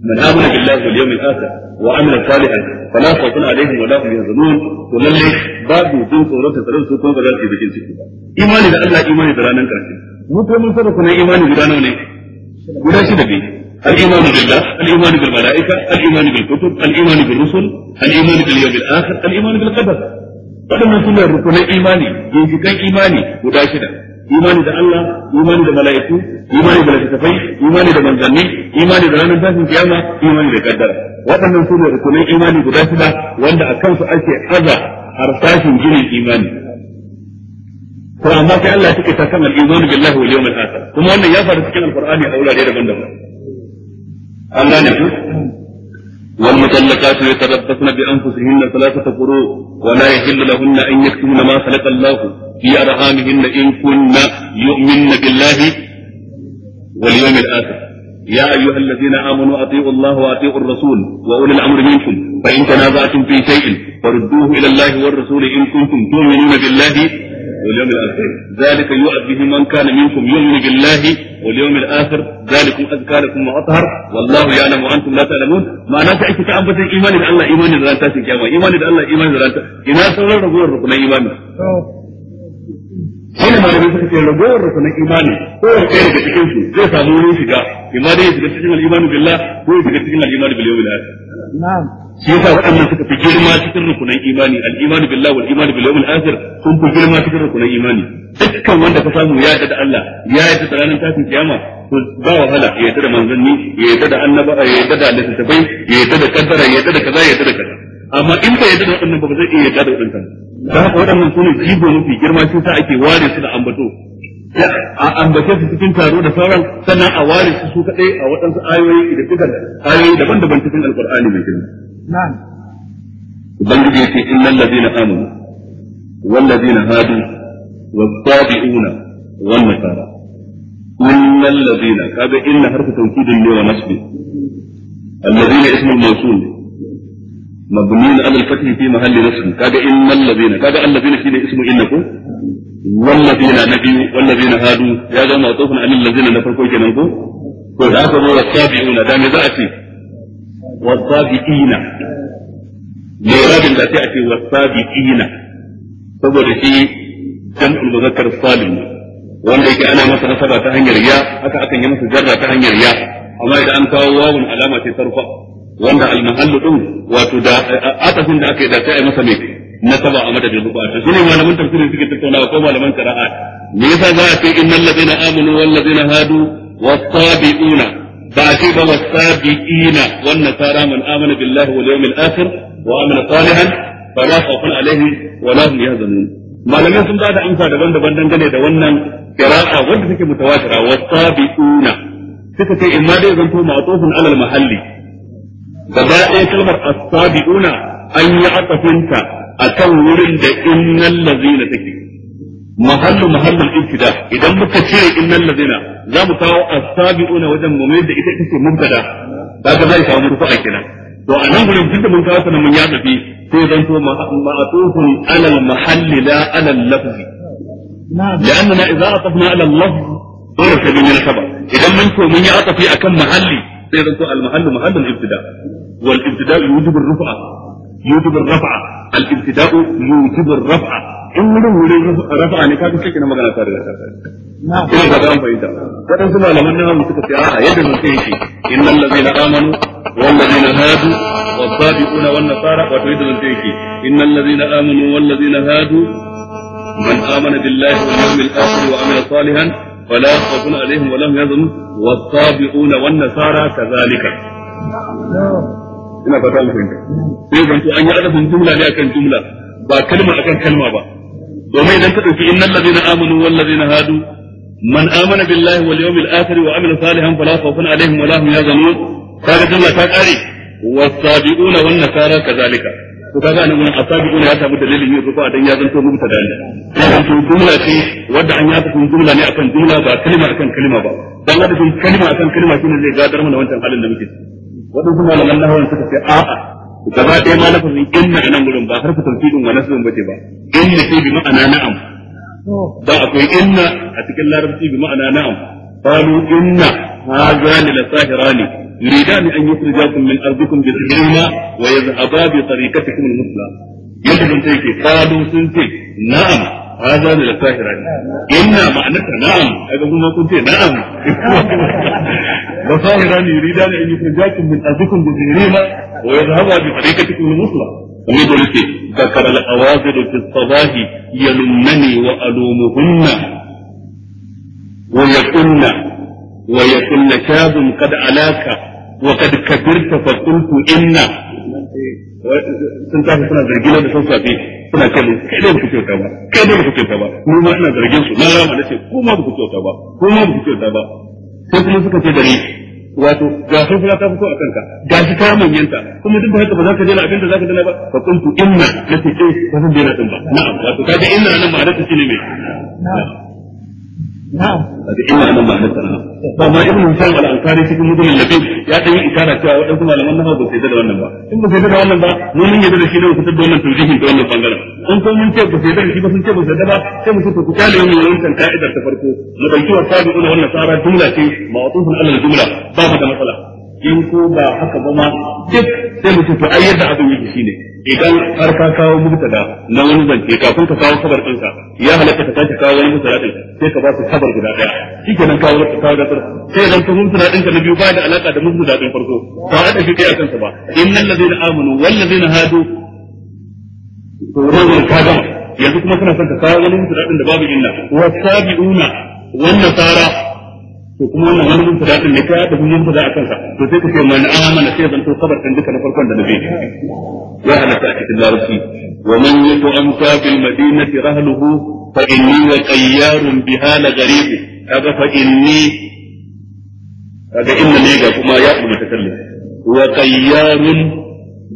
man amana billahi wal yawmil akhir wa amila salihan fala khawfun alaihim wala hum yahzanun to lalle babu sun tsoron ta tsaron su kuma ba za su yi bikin ciki ba imani da Allah imani da ranar karshe mu kuma mun fara kuna imani guda nawa ne guda shida ne الإيمان بالله الإيمان بالملائكة الإيمان بالكتب الإيمان بالرسل الإيمان باليوم الآخر الإيمان بالقدر waɗannan suna rukunan imani ginshiƙan imani guda shida imani da Allah imani da mala'iku imani da littattafai imani da manzanni imani da ranar tashin kiyama imani da kaddara waɗannan suna rukunan imani guda shida wanda a kansu ake aza harsashin ginin imani ko amma sai Allah take ta kan al-imanu billahi wal yawmil akhir kuma wannan ya faru cikin alqur'ani a wurare daban-daban Allah ne والمطلقات يتربصن بانفسهن ثلاثه قروء ولا يحل لهن ان يكتمن ما خلق الله في ارحامهن ان كن يؤمن بالله واليوم الاخر يا أيها الذين آمنوا أطيعوا الله وأطيعوا الرسول وأولي الأمر منكم فإن تنازعتم في شيء فردوه إلى الله والرسول إن كنتم تؤمنون بالله واليوم الآخر ذلك يؤذ به من كان منكم يؤمن بالله واليوم الآخر ذلكم أزكى لكم وأطهر والله يعلم وأنتم لا تعلمون ما أنا تعيش تعبت إيمان ان الله إيمان إلى الله كما إيمان إلى الله إيمان إلى الله إنا سوى رغور ركن إيمان Wani malamai suka ce ragowar rukunan imani ko wani ɗaya daga cikin su zai ايمان wurin shiga imani ya shiga cikin al'imanu billah ko ya shiga cikin al'imanu bil yawmil akhir. Na'am. shi yasa waɗannan suka fi girma cikin rukunan imani al-imanu billahi wal imanu bil yawmil akhir sun fi girma cikin rukunan imani dukkan wanda ka samu ya yarda da Allah ya yarda da ranar tashin kiyama to ba wahala ya yarda da manzanni ya yarda da annaba ya yarda da littattafai ya yarda da kaddara ya yarda da kaza ya yarda da kaza amma in ba yarda da waɗannan ba zai iya yarda da waɗannan da haka waɗannan su ne jibo mafi girma shi sa ake ware su da ambato a ambace su cikin taro da sauran sannan a ware su su kaɗai a waɗansu ayoyi da ayoyi daban-daban cikin alƙur'ani mai girma ubangiji yace innal ladina amanu wal ladina hadu was sabiuna kaga inna tawkidin ne wa nasbi ko da aka zo da me za a ce والصابئين لإراد لا تأتي والصابئين saboda shi jam'ul muzakkar salim wanda yake ana masa nasaba ta hanyar ya haka akan yi masa jarra ta hanyar ya amma idan an kawo wawun alama ce tarfa wanda almahallu din wato da atafin da aka yi da sai a masa mai nasaba a madadin ruba to shine malaman tafsiri suke tattaunawa ko malaman qira'a me yasa za a ce innal ladina amanu wal ladina hadu was-sabiquna ba a ce ba wasabiina wan nasara man amana billahi wal yawmil akhir wa amila salihan fala khawfun alaihim wa la hum malamai sun ba amsa daban-daban dangane da wannan qira'a wanda suke mutawatira wasabiuna suka ce imma dai zanto ma'tufun alal mahalli gaba ɗaya kalmar as an yi atafinta akan wurin da innal ladzina take mahallu mahallul ibtida idan muka cire innal ladzina za mu kawo as-sabiquna wajen mu da ita ita ce mubtada kaga zai kawo mu kenan to a nan gurin duk mun kawo sanan mun ya tafi sai zan to ma'atufun alal mahalli la alal lafzi لأننا إذا عطفنا على اللفظ ضرب من الخبر إذا منكم من يعطف أكم محلي سيدنا المحل محل الابتداء والابتداء يوجب الرفعة يوجب الرفعة الابتداء يوجب الرفعة in wurin wurin a ne kafin cikin magana tare da ta ina ga dan fahimta waɗansu malaman nan suka ce a'a yadda mun in yake innal na amanu wal ladzina hadu والسابقون والنصارى وتريد من تيكي الذين آمنوا والذين هادوا من آمن بالله واليوم الآخر وعمل صالحا فلا خوف عليهم ولا هم يحزنون والسابقون والنصارى كذلك ina fata mu fahimta sai zan an yi adafin jumla ne akan jumla ba kalma kan kalma ba domin idan ka dauki innal ladina amanu wal ladina hadu man amana billahi wal yawmil akhir wa amila salihan fala khawfun alaihim wala hum yahzanun kaga jumla ta kare wasabiquna wan nasara kazalika ko kaga nan gurin asabiquna ya samu dalilin yin rufa dan ya zanto mu tada ne dan to jumla ce wanda an yafa kun jumla ne akan jumla ba kalima akan kalima ba dan hada kun kalima akan kalima shine zai gadar mana wancan halin da muke wadansu malaman nahawan suka ce a'a gaba ɗaya ma lafazin inna a nan gurin ba harfa tawkidin wa nasbin bace ba inna ce bi ma'ana na'am da akwai inna a cikin larabci bi ma'ana na'am qalu inna hadha la sahirani yuridan an yukhrijakum min ardikum bi sihrihima wa yadhhaba bi tariqatikum al-musla yadda mun qalu sun ce na'am la sahirani inna na'am kuma kun ce na'am [laughs] وساهران يريدان ان يخرجاكم من ارضكم مزهرين ويذهبا بطريقتكم المثلى ومن ذكر الاواذل في الصباح يلمني والومهن ويقلن ويقلن شاب قد علاك وقد كبرت فقلت إن sun tafi suna zargi na da sun safe suna kallo kai da kuke ta ba kai da kuke ta ba mu ma ina zargin su na rama nace ko ma kuke ta ba ko ma kuke ta ba sai kuma suka ce da ni wato ga sun ta fito a kanka ga shi ka manyanta kuma duk da haka ba za ka daina abin da za ka daina ba fa kuntu inna na ce eh, ba sun daina din ba na'am wato kaga inna nan ba da ne mai da ina nan ba na sana'a ba ma ibn hisham al ansari cikin mudul labib ya dan yi isara cewa wadansu malaman nahawu ba sai da wannan ba in ba sai da wannan ba mu mun yi da shi ne ku da wannan tawjihi da wannan bangaren in ko mun ce ba sai da shi ba sun ce ba sai da ba sai mu ce ku kale mu wannan ka'idar ta farko mu dauki wa sabiqun wannan sara jumla ce ma'tufun ala jumla ba da matsala in ko ba haka ba ma duk sai mutum ce to ai yadda abin yake shine idan har ka kawo mubtada na wani zance kafin ka kawo kabar ɗinsa ya halatta ka sake kawo wani mubtada ɗin sai ka ba su kabar guda ɗaya shikenan kawo ka kawo dasar sai idan ka mubtada ɗin ka na biyu ba da alaka da mubtada ɗin farko ba a da shi kai akan sa ba innal ladina amanu wal ladina hadu to wannan ka gama yanzu kuma kana son ka kawo wani mubtada ɗin da babu illa wasabiuna wannan tsara to kuma wannan wani mun fada din nika da mun fada akan sa to sai ku ce man amana sai zan to kabar din duka na farkon da nabi ya halaka a cikin larabci wa man yutu amsa bil madinati rahluhu fa inni wa qayyarun biha la gharib kaga fa inni kaga inna ne ga kuma ya umma takallim wa qayyarun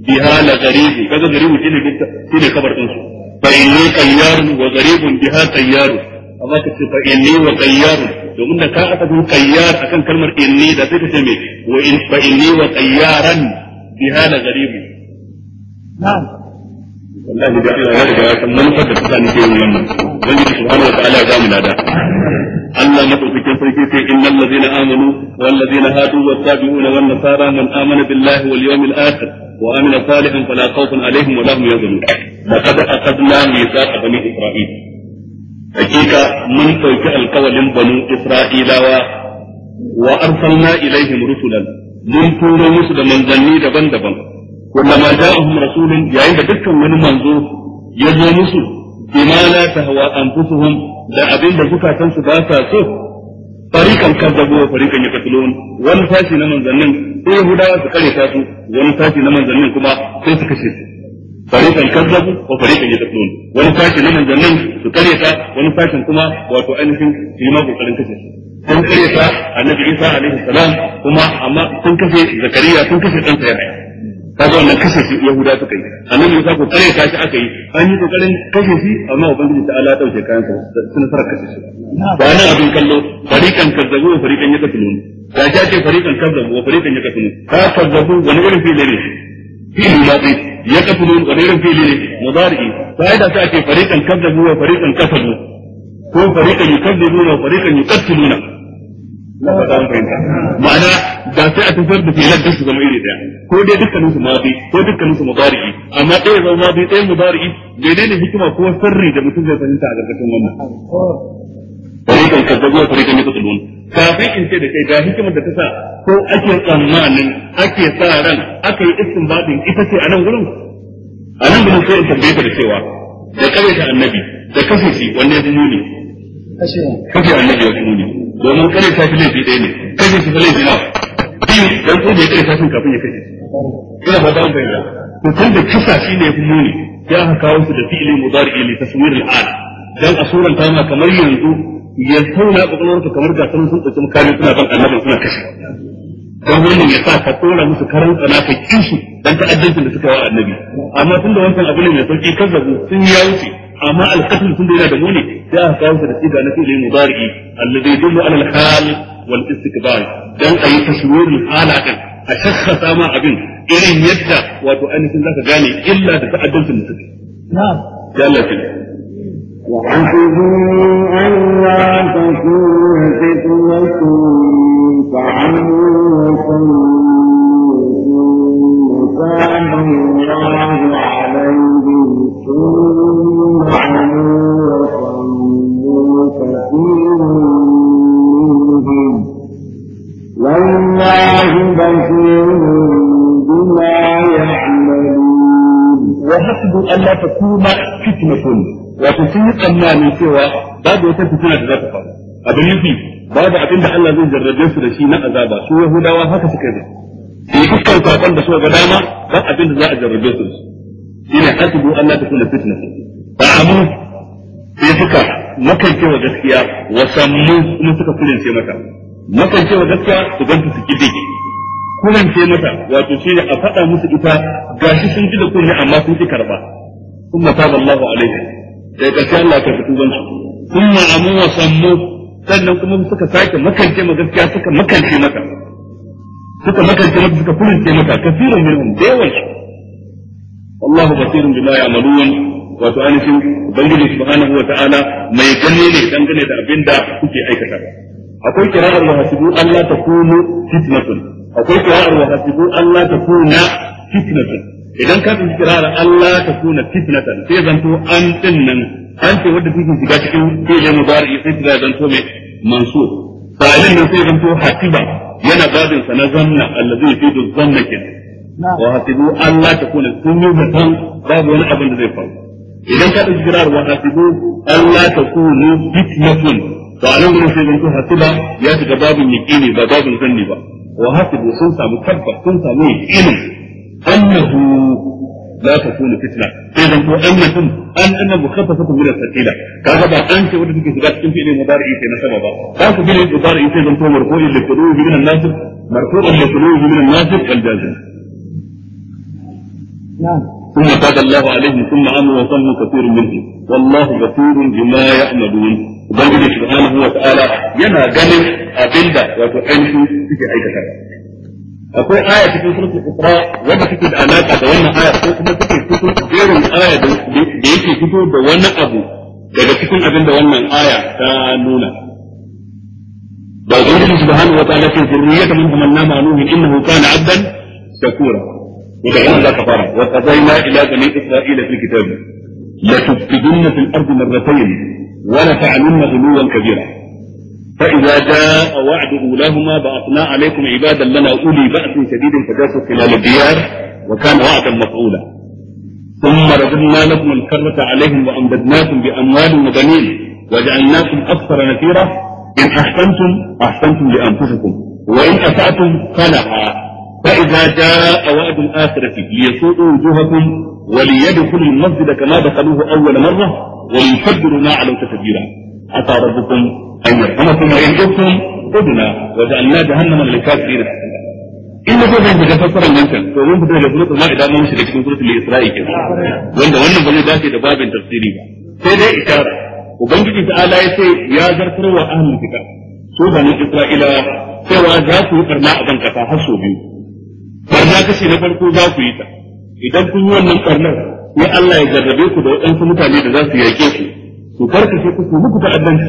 biha la gharib kaga gharib shine duka shine kabar din su fa inni qayyarun wa gharibun biha qayyarun amma kace fa inni wa qayyarun domin da ka aka zuwa qayyar akan kalmar inni da sai ka ce me wa in fa inni wa qayyaran bi hala garibu na'am wallahi da Allah ya riga ya san manufar da kuka nake yin wannan ubangiji subhanahu wa ta'ala ya ga mu lada Allah madaukakin sarki sai innal ladzina amanu wal ladzina hadu wattabi'una wan nasara man amana billahi wal yawmil akhir wa amila salihan fala khawfun alaihim wa la hum yahzanun laqad aqadna mithaqa hakika mun ɗauki alkawalin banu isra'ilawa wa arsalna ilaihim rusulan mun turo musu da manzanni daban-daban kullama ja'ahum rasulun yayin da dukkan wani manzo ya zo musu bima la tahwa anfusuhum da abin da zukatan su ba sa so farikan kazzabu wa farikan yaqtulun wani sashi na manzannin sai yahudawa su kare ta wani sashi na manzannin kuma sai su kashe fariqan kazzabu wa fariqan yadlun wani sashi na manzannin su kare ta wani sashin kuma wato ainihin su yi ma kokarin kashe sun kare karyata annabi Isa alaihi salam kuma amma sun kashe Zakariya sun kashe dan sa Yahya kaga wannan kashe shi Yahuda suka yi annabi Isa ko karyata shi aka yi an yi kokarin kashe shi amma ubangiji ta Allah dauke kayan ta suna fara kashe shi ba nan abin kallo fariqan kazzabu wa fariqan yadlun ga ce fariqan kazzabu wa fariqan yadlun ka kazzabu wani irin fili ne fi'il madi ya kafirun qadirin fi'li mudari fa'ida ta ce fariqan kadzabu wa fariqan kasabu ko fariqan yukadzibuna wa fariqan yuqtiluna na faɗa an fahimta ma'ana da sai a tafiyar da filan duk su zama iri ɗaya ko dai dukkanin su mafi ko dukkanin su mubari'i amma ɗaya zama mafi ɗaya mubari'i menene hikima ko sirri da mutum zai fahimta a ƙarƙashin wannan fariƙan kazzabu wa fariƙan yaqtulun kafin in ce da kai ga hikimar da ta sa ko ake tsammanin ake sa ran aka yi baɗin, ita ce a nan gurin a nan gudun sai in tambaye ta da cewa da ta annabi da kafe shi wanne ya muni kafe annabi ya muni domin kare ta shi laifi ɗaya ne kashe shi laifi na biyu don ko ya kare ta shi kafin ya kashe ina ba da bayyana to tun da kisa shi ne ya fi muni ya aka kawo su da fi'ili mudari li ta al-al dan a suranta kamar yanzu ya sauna kwakwalwarsu kamar ga sun ɗauki mukami suna ban annabin suna kashe don wannan ya sa ka tsora musu karan tsana ka kishi dan ta'addancin da suka yi wa annabi amma da wancan abu ne mai sauki kazzabu sun ya wuce amma alqatl tun da yana da muni sai aka kawo sa da siga na fi'il mudari alladhi yadullu ala al wal istikbar dan ayi tashwirul hala kan a shakhasa ma abin irin yadda wato ainihin zaka gane illa da ta'addancin da suka na'am ya Allah واحفظوا ألا تكون فتنة فعموا وصلوا ثم تاب الله عليهم ثم عموا وصلوا كثير منهم والله بشير بما يعملون وحسب ألا تكون فتنة wato sun yi tsammani cewa babu wata fitina da za ta faru abin nufi babu abin da Allah zai jarrabe su da shi na azaba su yahudawa haka suka yi su yi dukkan sakon da suka ga dama ba abin da za a jarrabe su haka hasibu Allah ta kula fitna ba amu sai suka makance wa gaskiya wa sammu kuma suka kulince mata makance wa gaskiya su ganta su kide kurance mata wato shi ne a faɗa musu ita gashi sun ji da kunne amma sun ki karba kuma taba Allahu alaihi da ƙarshe Allah ya karɓi tuban sun kuma amu wa sammu sannan kuma suka sake makance ma gaskiya suka makance maka suka makance maka suka kurince maka kafirun minhum da yawan su wallahu basirun bima ya'malun wato ainihin ubangiji subhanahu wa ta'ala mai gani ne dangane da abinda kuke aikata akwai kira'ar wa hasibu Allah takunu fitnatun akwai kira'ar wa hasibu Allah takuna fitnatun idan ka fi kirara Allah ta kuna fitnatan sai zanto an din nan an ce wanda take shiga cikin fi'il mudari sai ta zanto mai mansub sa'ilin nan sai zanto hatiba yana babin sa na zanna allazi yufidu zanna kin wa hatibu Allah ta kuna sun yi zatan babu wani abin da zai faru idan ka fi kirara wa hatibu Allah ta kuna fitnatan to a nan sai zanto hatiba ya shiga babin yaqini ba babin zanni ba wa hatibu sun samu tabbas sun samu yaqini annahu la takunu fitna sai zan ko annakum an anna mukhaffafatu min al-thaqila kaga ba an ce wanda take shiga cikin fi'il mudari sai sama ba za ku fi'il mudari sai zan to marfu'in li qulubi min an ثم تاب الله عليهم ثم عملوا وصلوا كثير منهم والله غفور بما يعملون ubangiji subhanahu wa ta'ala yana ganin abinda wato ainihin suke aikata akwai aya cikin suratul isra wanda take da alaka da wannan aya ko kuma take cikin jerin aya da yake fito da wani abu daga cikin abin da wannan aya ta nuna da ubangiji subhanahu wa ta'ala ce zurriyatan min amanna ma nuhi innahu kana abdan shakura daga inda zaka fara wa qadayna ila bani isra'ila fil kitab la tufsiduna fil ardi marratayn wa la ta'lamunna ghuluwan kabira فإذا جاء وعد أولاهما بعثنا عليكم عبادا لنا أولي بأس شديد فجاسوا خلال الديار وكان وعدا مفعولا ثم رددنا لكم الكرة عليهم وأمددناكم بأموال وبنين وجعلناكم أكثر نفيرا إن أحسنتم أحسنتم لأنفسكم وإن أسأتم فلها فإذا جاء وعد الآخرة ليسوءوا وجوهكم وليدخلوا المسجد كما دخلوه أول مرة وليكبروا ما علوا تكبيرا عسى ربكم أن يرحمكم وإن جئتم أذنا وجعلنا جهنم للكافرين in da zai shiga fassarar nan kan to mun fito da suratul ma'ida mun shiga cikin suratul isra'i kenan wanda wannan ba zai dace da babin tafsiri ba sai dai isharar ubangiji ta ala ya ce ya zartar wa ahlul kitab su bani isra'ila cewa za ku yi barna a ban kasa har so biyu barna kashi na farko za ku yi ta idan kun yi wannan barnar sai Allah ya jarrabe ku da waɗansu mutane da za su yaƙe ku ku karkashe shi ku muku addanci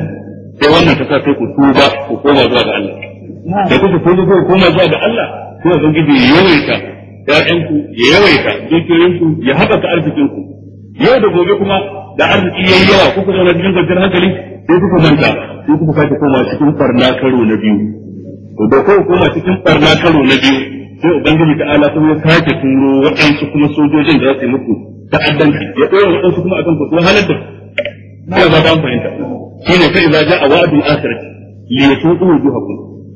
sai wannan ta sa sai ku tuba ku koma zuwa ga Allah da kuka tuba ku koma zuwa ga Allah sai ubangiji ya yawaita ƴaƴanku ya yawaita ku ya arzikin arzikinku yau da gobe kuma da arziki yayi yawa kuka zauna cikin kwanciyar hankali sai kuka manta sai kuka sake koma cikin farna karo na biyu to da kuka koma cikin farna karo na biyu sai ubangiji ta'ala kuma ya sake turo waɗansu kuma sojojin da za su yi muku ta'addanci ya ɗora waɗansu kuma akan ku ko halar da da ba dan fahimta sai akhirati li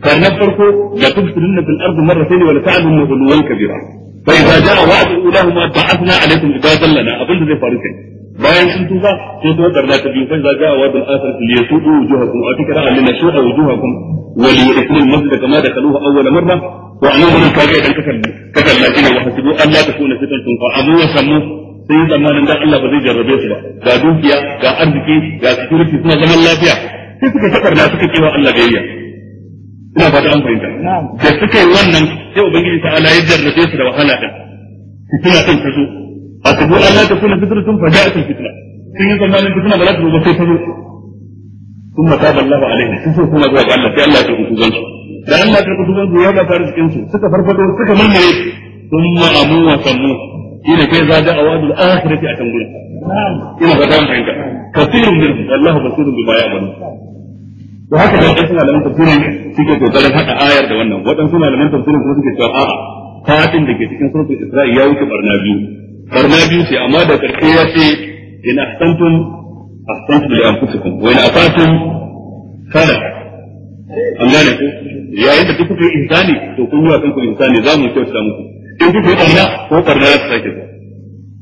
karnan farko la tufsiduna fil ardi marratayn wa la ta'lamu ghuluwan kabira fa idza a wa'du ulahuma ba'athna alaykum ibadan lana abinda zai faru kai bayan sun tuba sai kuma karna ta biyu fa idza ja'a wa'dul akhirati li yasuqu wujuhakum wa tikra an lana shuha wujuhakum wa li yadkhulu masjid kama marra wa kaga idan ka kalla wa hasibu an la takuna fitnatun fa wa sun yi tsammanin da Allah ba zai jarrabe su ba ga dukiya ga arziki ga security suna zaman lafiya sai suka shakar na suka kewa Allah gayya ina fata an fahimta da suka yi wannan sai ubangiji ta ala ya jarrabe su da wahala din fitina kan ta zo a buɗa Allah ta kuna a kan fitina sun yi tsammanin fitina ba za ta zo ba sai ta zo ثم تاب الله عليهم سوف Allah قال الله في الله تكون تزنسو لأن الله تكون تزنسو يوم تارس كنسو سكا فرفضوا سكا ملمي ثم أمو وسموه ina kai za da awadul akhirati a can gurin ina fata mun fahimta kasirun min wallahu basirun bima ya'malu to haka dan suna malaman tafsirin suke kokarin hada ayar da wannan suna waɗansu malaman tafsirin kuma suke cewa a'a fadin da ke cikin suratul isra'i ya wuce barna biyu barna biyu ce amma da karshe ya ce ina ahsantum ahsantum li anfusikum wa ina afatum kana an gane ko yayin da duk kuka yi insani to kun yi wa kanku insani za mu kyauta muku in kuka yi barna ko barna za ta sake zuwa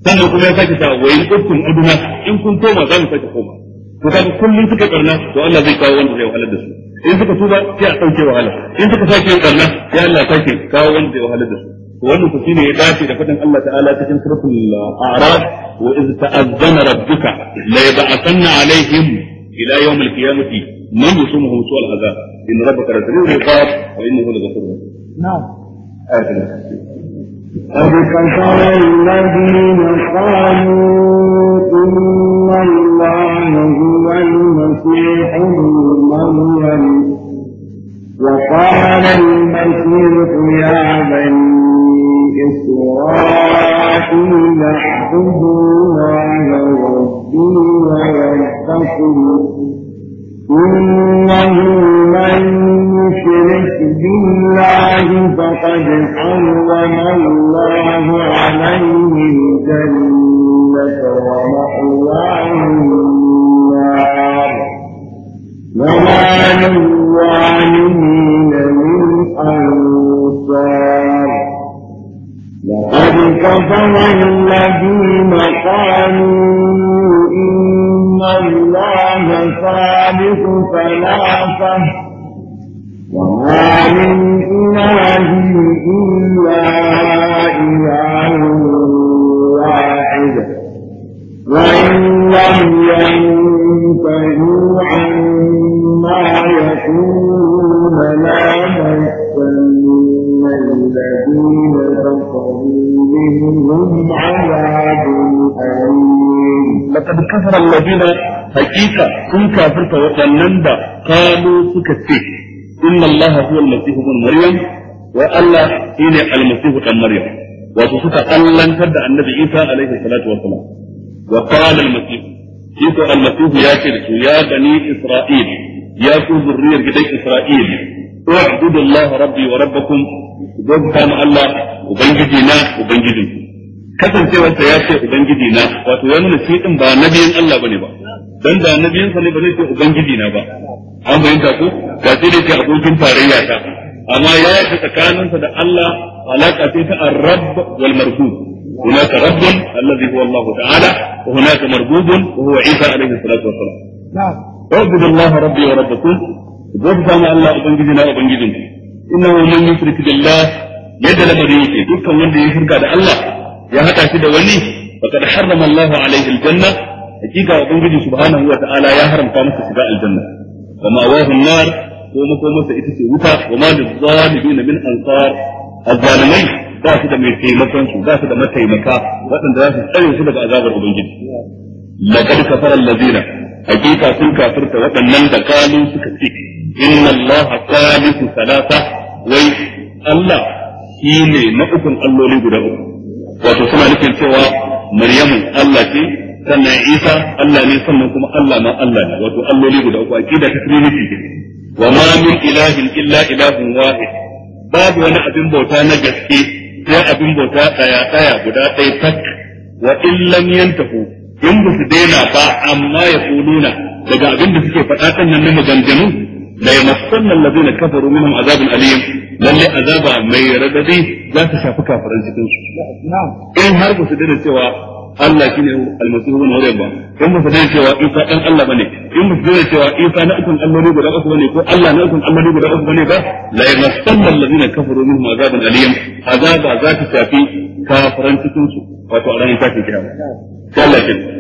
sannan kuma ya sake sa wa in kuntum aduna in kun koma za mu sake koma to kaga kullun suka barna to Allah zai kawo wanda zai wahalar da su in suka tuba sai a sauke wahala in suka sake yin barna sai Allah ya sake kawo wanda zai wahalar da su wannan ku shine ya dace da fadin Allah ta'ala cikin suratul a'raf wa iz ta'azzana rabbuka la yab'athanna alayhim. ila yawm al-qiyamati man yusumuhu su'al azab in rabbaka la tadriru wa innahu la ghafurur rahim na'am قد كفر الذين قالوا إن الله هو المسيح ابن مريم وقال المسيح يا الله ربي وربكم إنه من يشرك بالله فقد حرم الله عليه الجنة ومأواه النار وما للظالمين من أنصار لقد كفر الذين قالوا إن الله ثالث ثلاثة وما من إله إلا إله واحد وإن لم ينتهي laqad kafara alladina haqiqa kun kafirta waɗannan ba. kalu suka ce inna allaha huwa almasihu maryam wa allah shine almasihu maryam wato suka allantar da annabi isa alaihi salatu wassalam wa qala almasih shi ko almasihu ya ce da su ya isra'il ya ku zurriyar gidan isra'il اعبدوا الله ربي وربكم بوجه الله وبنجدنا وبنجدكم kasancewarsa ya ce ubangiji na wato ya nuna shi din ba nabiyin Allah bane ba dan da nabiyin sa ne ba zai ce ubangiji na ba an bayyana ko da sai dai ce abokin tarayya ta amma ya yi tsakaninsa da Allah alaka ce ta ar-rabb wal marbub هناك رب الذي هو الله تعالى وهناك مربوب وهو عيسى عليه الصلاة والسلام اعبد الله ربي وربكم وابدا مع الله أبنجدنا وأبنجدنا إنه من يشرك بالله يجعل مريكي دكا من يشرك على الله ya haɗa shi da wani faqad harrama Allah alaihi aljanna hakika ubangiji subhanahu wa ta'ala ya haramta masa shiga aljanna wa ma'awahu an-nar ko makomarsa ita ce wuta wa ma lizalimin min ansar azzalimai ba su da mai taimakon su ba su da mataimaka waɗanda za su tsare su daga azabar ubangiji laqad kafara allazina hakika sun kafirta waɗannan da kalu suka ce inna allaha salisu salasa wai Allah shine ne na ukun alloli guda uku wato suna nufin cewa maryamu Allah ce sannan isa Allah ne sannan kuma Allah ma Allah ne wato alloli guda uku aqida ta trinity ce wa ma min ilahin illa ilahun wahid babu wani abin bauta na gaske sai abin bauta daya daya guda ɗaya tak wa in yantahu in ba su daina ba amma ya kuluna daga abin da suke faɗa kan nan na maganganu la yamassanna allazina kafaru minhum azabun alim lalle azaba mai radadi za ta shafi kafiran cikin su in har ba su dade cewa Allah shine almasihu ibn maryam ba in ba su dade cewa isa dan Allah bane in ba su dade cewa isa na ukun ne guda uku bane ko Allah na ukun ne guda uku bane ba la yamassanna allazina kafaru minhum azabun alim azaba za ta shafi kafiran cikin su wato a ranar tashin kiyama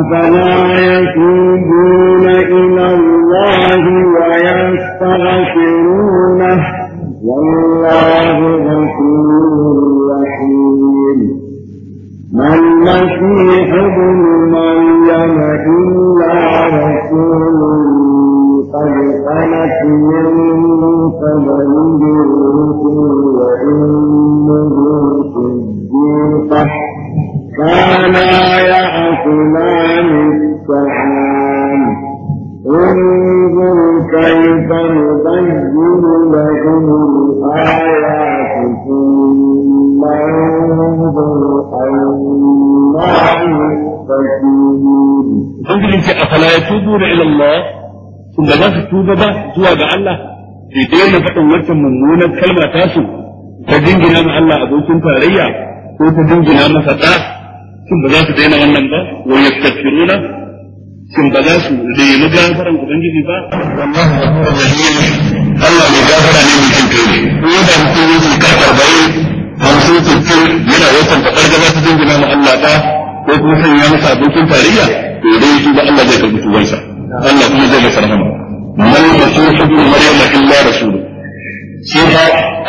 أفلا يتوبون إلى الله ويستغفرونه والله غفور رحيم ما المسيح ابن مريم إلا رسول قد خلت من قبله الرسل وإنه صديقه كانا يأكلان الطعام انظر كيف نبين لهم الآيات ثم انظر أنا يتقون ubangiji ce a fala ya tubu da ila Allah tun da za su tuba ba zuwa ga Allah Sai bai daina faɗin wancan mummunan kalma tasu ta jingina ma Allah abokin tarayya ko ta jingina masa ɗa Sun ba za su daina wannan ba wa yastaghfiruna sun ba za su nemi gafaran ubangiji ba wallahu ghafurur Allah ne gafara ne mai cin kai ko da mutum ya zuka arba'in sun sittin yana wata fadar gaba su jingina ma Allah ta ko kuma sanya masa abokin tarayya to dai su ba Allah zai karbi tubansa Allah kuma zai masa rahama man rasul ibn maryam illa rasul sai ba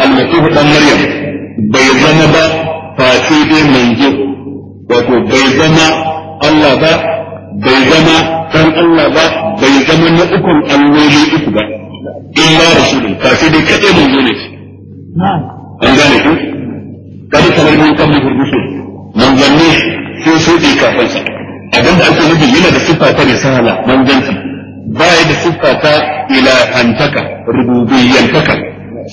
al-masih dan maryam bai zama ba fa sai dai manzo wato bai zama Allah ba bai zama dan Allah ba bai zama na ukun alloli uku ba da shi ba sai dai kadai mun ne an gane ku kada kamar mun kan mun rubuce manzanni sai su bi kafin sa abin da ake nufi yana da siffa ta sahala manzanci ba ya da siffa ta ilahantaka rububiyyantaka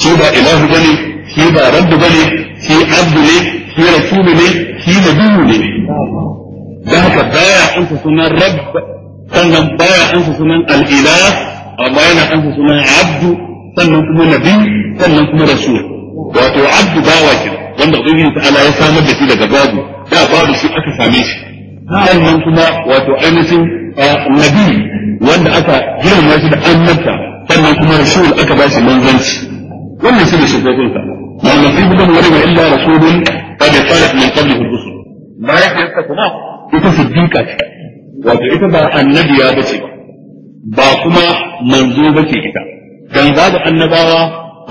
shi ba ilahu bane shi ba rabbu bane shi abdu ne shi rasulu ne shi nabiyu ne da haka baya ansa sunan rabb sannan baya ansa sunan al-ilah amma yana ansa sunan abdu sannan kuma nabi sannan kuma rasul wato abdu bawa kin wanda ubangiji ta'ala ya samar da shi daga babu da babu shi aka same shi sannan kuma wato ainihin nabi wanda aka girma shi da annabta sannan kuma rasul aka ba shi manzanci wannan shi ne shugabansa ma nasibu kan wa illa rasulun قد خلت من قبله الرسل ما يحيى kuma ita siddiqa ce wato ita ba annabiya bace ba ba kuma manzo ba bace ita dan babu annabawa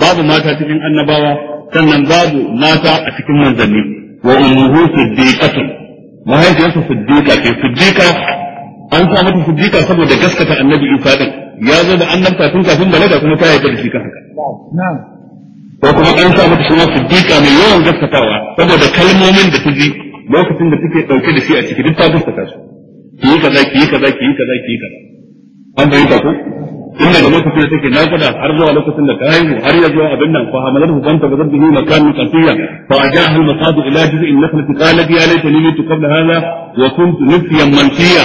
babu mata cikin annabawa sannan babu mata a cikin manzanni wa ummuhu siddiqatun mahaifiyarsa siddiqa ce siddiqa an sa mata siddiqa saboda gaskata annabi Isa din ya zo da annabta tun kafin balaga kuma ta yarda da shi kan haka na'am ko kuma an sa mata suna siddiqa mai yawan gaskatawa saboda kalmomin da ta ji lokacin da take dauke da shi a ciki duk ta gaskata su ki yi kaza ki yi kaza ki yi kaza ki yi kaza an bai ta ko in daga lokacin da take nakuda har zuwa lokacin da ta haihu har ya zuwa abin nan fa hamalar hu banta bazar bihi makanin qatiya fa ajaha al masad ila juz'in nakhlati qalat ya laitani mitu qabla hadha wa kuntu nasiyan mansiya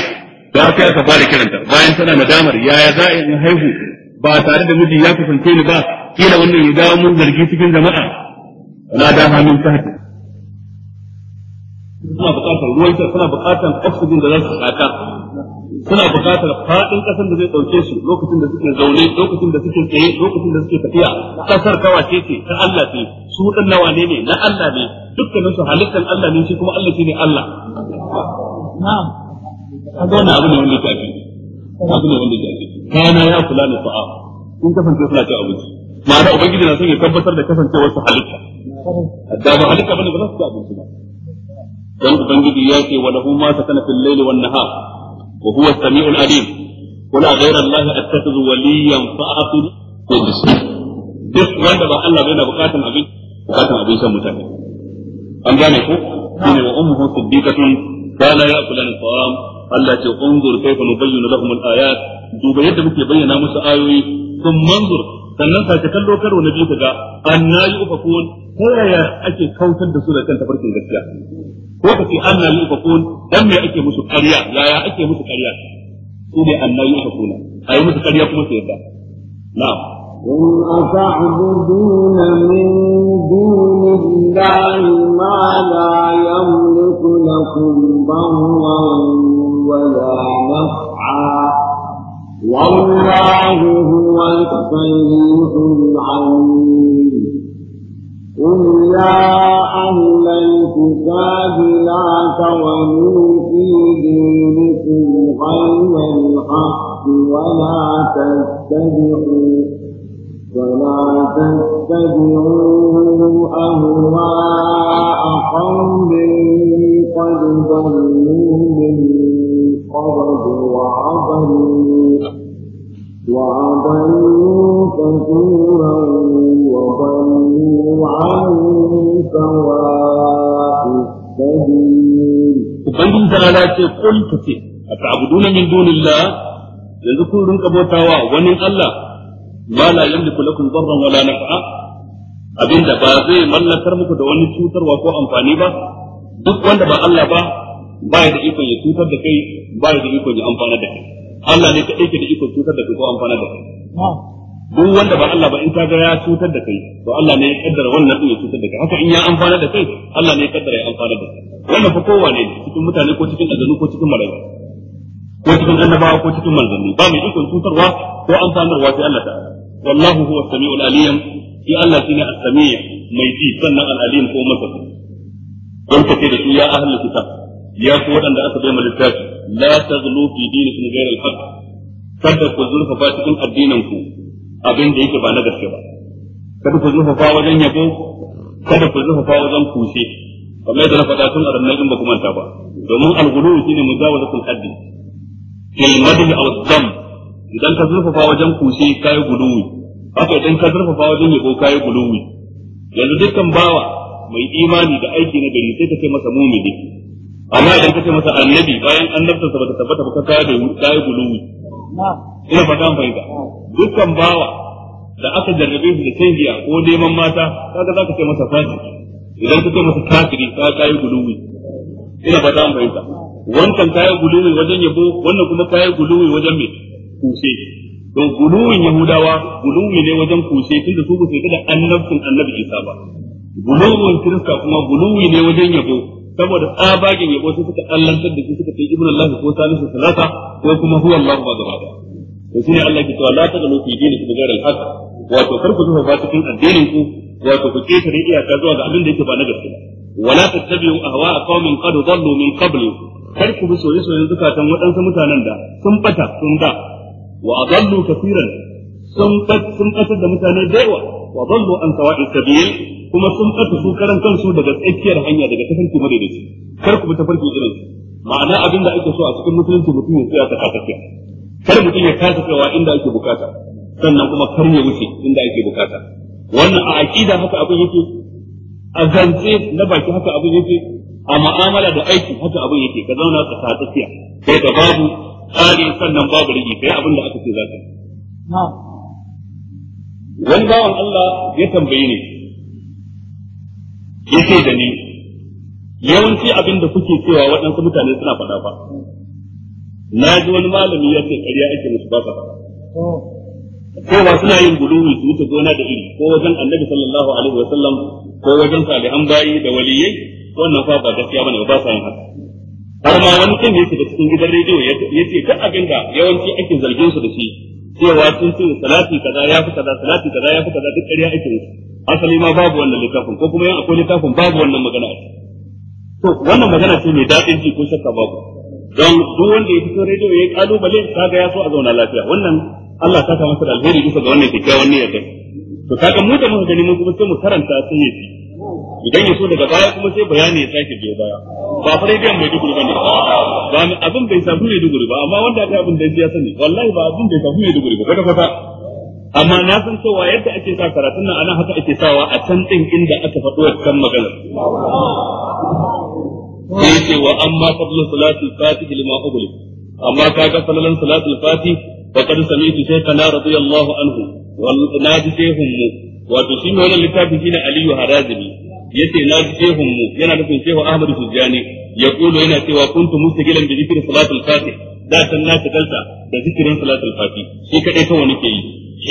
da aka aka fara kiranta bayan tana nadamar yaya za in haihu ba tare da miji ya kusance ni ba kila wannan ya dawo mun zargi cikin jama'a la da hamin tahti suna buƙatar ruwan sha suna buƙatar oxygen da za su shaka suna buƙatar faɗin ƙasar da zai ɗauke su lokacin da suke zaune lokacin da suke tsaye lokacin da suke tafiya ƙasar kawace ce ta Allah ce su ɗan nawa ne na Allah ne dukkanin su halittar Allah ne shi kuma Allah shi ne Allah na'am kaga wannan abu ne wanda yake abu ne wanda yake kana ya kula da fa'a in kasance suna cin abinci ma'ana ubangiji na son ya tabbatar da kasancewar su halitta da ba halitta bane ba za su ci abinci ba dan ubangiji ya ce wa lahu ma sakana fil layli wan nahar wa huwa as-sami'ul alim qul ghayra allahi attakhidhu waliyan fa'atul qudus duk wanda ba Allah bai na bukatan abin bukatan abin san mutane an gane ko shine wa ummuhu siddiqatun kana ya'kulun ta'am Allah ce unzur kayfa nubayyinu lahum al-ayat duba yadda muke bayyana musu ayoyi kun manzur sannan sake kallo karo na biyu kaga anna yufakun ko yaya ake kautar da su da kan tafarkin gaskiya ko ka ce anna yufakun dan me ake musu ƙarya yaya ake musu ƙarya su ne anna yufakun ayi musu ƙarya kuma su yadda na'am قل أتعبدون من دون الله ما لا يملك لكم ضرا ولا نفعا والله هو السميع العليم قل يا أهل الكتاب لا تغلوا في دينكم غير الحق ولا تتبعوا ولا تتبعوا أهواء قوم قد ضلوا كفروا وأضلوا كثيرا وضلوا عن سواء Ubangiji ta ce kul ka ce a ta'buduna min dunillah yanzu kun rinka bautawa wani Allah ma la yamliku lakum darran wala naf'a abinda ba zai mallakar muku da wani cutarwa ko amfani ba duk wanda ba Allah ba ba ya da ikon ya cutar da kai ba ya da ikon ya amfana da kai Allah ne kadai ke da ikon cutar da kai ko amfana da kai duk wanda ba Allah ba in kaga ya cutar da kai to Allah ne ya kaddara wannan din ya cutar da kai haka in ya amfana da kai Allah ne ya kaddara ya amfana da kai wannan fa kowane cikin mutane ko cikin azanu ko cikin malaiku ko cikin annabawa ko cikin manzanni ba mai ikon cutarwa ko amfanarwa sai Allah ta'ala wallahu huwa samiul alim shi Allah shine as-sami' mai ji sannan al-alim ko masani don ka ce da su ya ahlul kitab ya ku waɗanda aka bai littafi la taghlu fi dinikum ghayra al-haqq kada ku zurfafa cikin addinin ku abin da yake ba na gaske ba kada ku zurfafa wajen yabo kada ku zurfafa wajen kushe kamar yadda na faɗa tun a ranar in ba ku manta ba domin al-ghulu shine muzawazatul haddi fil madh aw dam idan ka zurfafa wajen kushe kai guluwi haka idan ka zurfafa wajen yabo kai guluwi yanzu dukkan bawa mai imani da aiki na gari sai ka ce masa mumini amma idan kace masa annabi bayan annabta sa bata tabbata ba ka kai da kai guluwi ina fata an fahimta dukkan bawa da aka jarrabe shi da canjiya ko neman mata kaga zaka ce masa fasiki idan kace masa kafiri ka kai guluwi ina fata an fahimta wancan kai guluwi wajen yabo wannan kuma kai guluwi wajen me kuse don guluwin yahudawa guluwi ne wajen kuse tunda su ba su da annabcin annabi Isa ba guluwin kirista kuma guluwi ne wajen yabo saboda tsabagen yabo sai suka tsallantar da su suka ce ibn Allah ko salisu salata ko kuma huwa Allah ba gaba ba. to shine Allah ke cewa la tagalu fi dinikum ghayra al-haq wato karku zuwa ba cikin addinin ku wato ku tare da iyaka zuwa ga abin da yake ba na gaskiya wala tattabi'u ahwa qaumin qad dallu min qabl karku ku bi soyayya soyayya zakatan waɗansu mutanen da sun bata sun da wa adallu kaseeran sun sun kasar da mutane da yawa wa dallu an sawa'is sabil kuma sun tsaka su karan kansu daga tsakiyar hanya daga tafarki mare da su, kar ku bi tafarki irin ma'ana abin da ake so a cikin musulunci mutum ya tsaya tsaka tsakiya kar mutum ya kasa tsawa inda ake bukata sannan kuma kar ya wuce inda ake bukata wannan a aqida haka abin yake a zance na baki haka abin yake a mu'amala da aiki haka abin yake ka zauna ka tsaka tsakiya sai da babu tsari sannan babu rigi kai abin da aka ce za ka yi wani bawan Allah ya tambaye ni yace da ni yawanci abin da kuke cewa waɗansu mutane suna faɗa ba na ji wani malami ya ce ƙarya ake musu ba faɗa ba suna yin guluwi su wuce gona da iri ko wajen annabi sallallahu alaihi wa sallam ko wajen salihan bayi da waliyai wannan fa ba gaskiya bane ba sa yin haka har ma wani kan yake da cikin gidan rediyo ya ce abinda yawanci ake zargin su da shi cewa sun ce salati kaza ya fi kaza salati kaza ya fi kaza duk ƙarya ake yi asali ma babu wannan littafin ko kuma yin akwai littafin babu wannan magana a to wannan magana ce mai daɗin ji ko shakka babu don duk wanda ya fito rediyo ya yi kalubale kaga ya so a zauna lafiya wannan Allah ta sa masa da alheri bisa ga wannan kyakkyawan niyyar da to kaga mu da muka gani mun kuma sai mu karanta sai ya fi idan ya so daga baya kuma sai bayani ya sake biyo baya ba fa biyan mai duguri bane ba abin bai sabu mai duguri ba amma wanda aka abin da ya sani wallahi ba abin bai sabu mai duguri ba kwata kwata amma na san cewa yadda ake sa karatun nan anan haka ake sawa a can din inda aka faɗo kan magana sai ce wa amma qablu salati fatih lima ubli amma kaga salalan salati fatih faqad sami'tu shaykhana radiyallahu anhu wal nadi shaykhum wa tusimuna ne wannan littafin Aliyu Harazimi yace na ji shehun mu yana nufin shehu ahmad sujani ya kulo yana cewa kuntu mustaqilan bi zikri salatul fati da san na tagalta da zikirin salatul fati shi kade kawai nake yi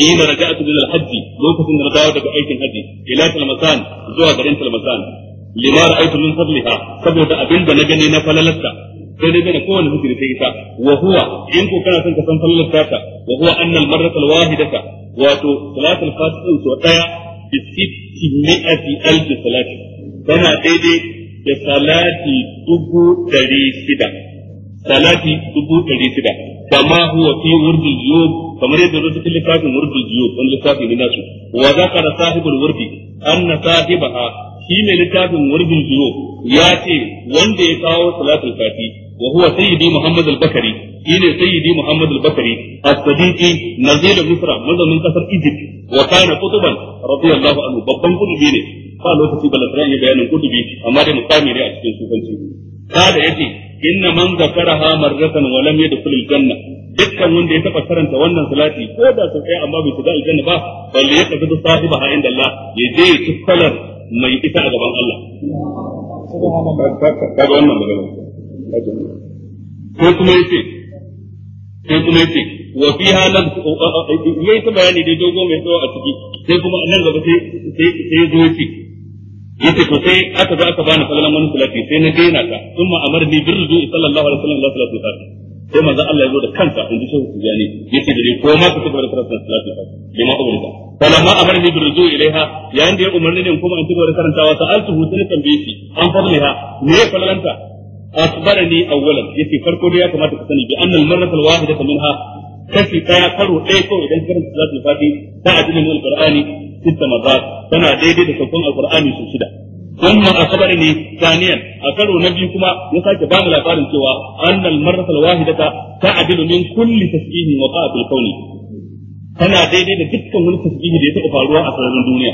shi na raja'atu lil hajj lokacin da na dawo daga aikin hajji ila talmasan zuwa garin talmasan lima ra'aytu min fadliha saboda abinda na gani na falalarta sai dai gane kowane zikiri sai ita wa kana son ka san falalarta ta wa huwa annal marratal wahidata wato salatul fati sun so daya bi sitti mi'ati tana daidai da salati dubu dari shida salati dubu dari shida kama huwa fi wurdi yadda zo cikin littafin wurdi yub wani littafi ne nasu wa zakara sahibul wurdi shi ne litafin wurdi yub ya ce wanda ya kawo salatul fati wa huwa sayyidi bakari shine sayyidi muhammad al-basri as-sadiqi nazir misra mazamin kasar egypt wa kana kutuban radiyallahu anhu babban kutubi ne ba lokaci balantana ya bayanin kutubi amma dai mukami ne a cikin sufanci kada yace inna man zakaraha marratan wa lam yadkhul al-janna dukkan wanda ya taba karanta wannan salati ko da sun kai amma bai shiga aljanna ba balle ya kaza sahiba ha inda Allah ya je ya tukkalar mai ita a gaban Allah kaga wannan magana ko kuma yace sai kuma yace wa fi halan yayi ta bayani dai dogo mai tsawo a ciki sai kuma nan gaba sai sai sai zo yace yace to sai aka zo aka bani falalan wani salati sai na gaina ta amar ni birzu sallallahu alaihi wasallam sallallahu alaihi wasallam sai manzo Allah ya zo da kansa in ji shehu tijani yace da ko ma ka tabbata karanta salatu ta jama'a ubun ta falamma ni birzu ilaiha yayin da ya umarni ne kuma in tabbata karantawa sa'altu hu sai tambaye shi an farliha me ya falalanta أخبرني أولا يسي فرقو ليا كما تكسني بأن المرة الواحدة منها كفي تايا كرو تيكو إذا كانت صلاة الفاتي تعدل من القرآن ست مرات تنا ديدي تكون القرآن سوسدة ثم أخبرني ثانيا أكرو نبيكما يساك بان الأفارن سوى أن المرة الواحدة تعدل من كل تسجيه وقاء في الكون tana daidai da dukkan wani tasbihi da ya taɓa faruwa a sararin duniya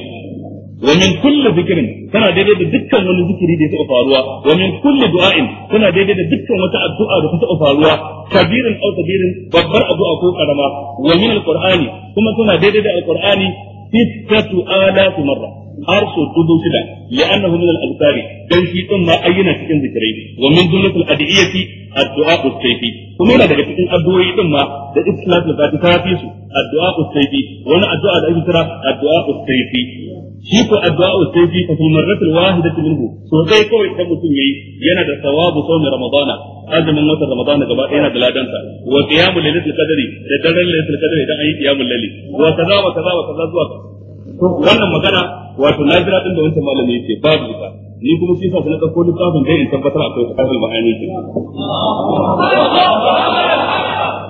wa min kulli zikrin tana daidai da dukkan wani zikiri da ya taɓa faruwa wa min kulli du'ain tana daidai da dukkan wata addu'a da ta taɓa faruwa kabirin aw kabirin babbar addu'a ko karama wa alkur'ani kuma tana daidai da alqur'ani sittatu alaf marra har so dubu shida li'annahu min al-azkari dan shi din ma ayyana cikin zikirai wa min jumlat al-adiyati addu'a usayfi kuma yana daga cikin addu'o'i din ma da islam da ta fi su addu'a usayfi wani addu'a da ake kira addu'a usayfi shi ko addu'a usayfi fa fil marrat al-wahidah minhu so dai kawai ta mutum yayi yana da thawabu sawmi ramadana azumin watan ramadana gaba yana da ladansa wa qiyamul lailatul qadri da daren lailatul qadri idan ayi qiyamul layli wa kaza wa kaza wa kaza zuwa wannan magana wato na din da wancan malami yake babu ita ni kuma shi sa na ɗauko littafin dai in tabbatar akwai kitabul ma'ani ke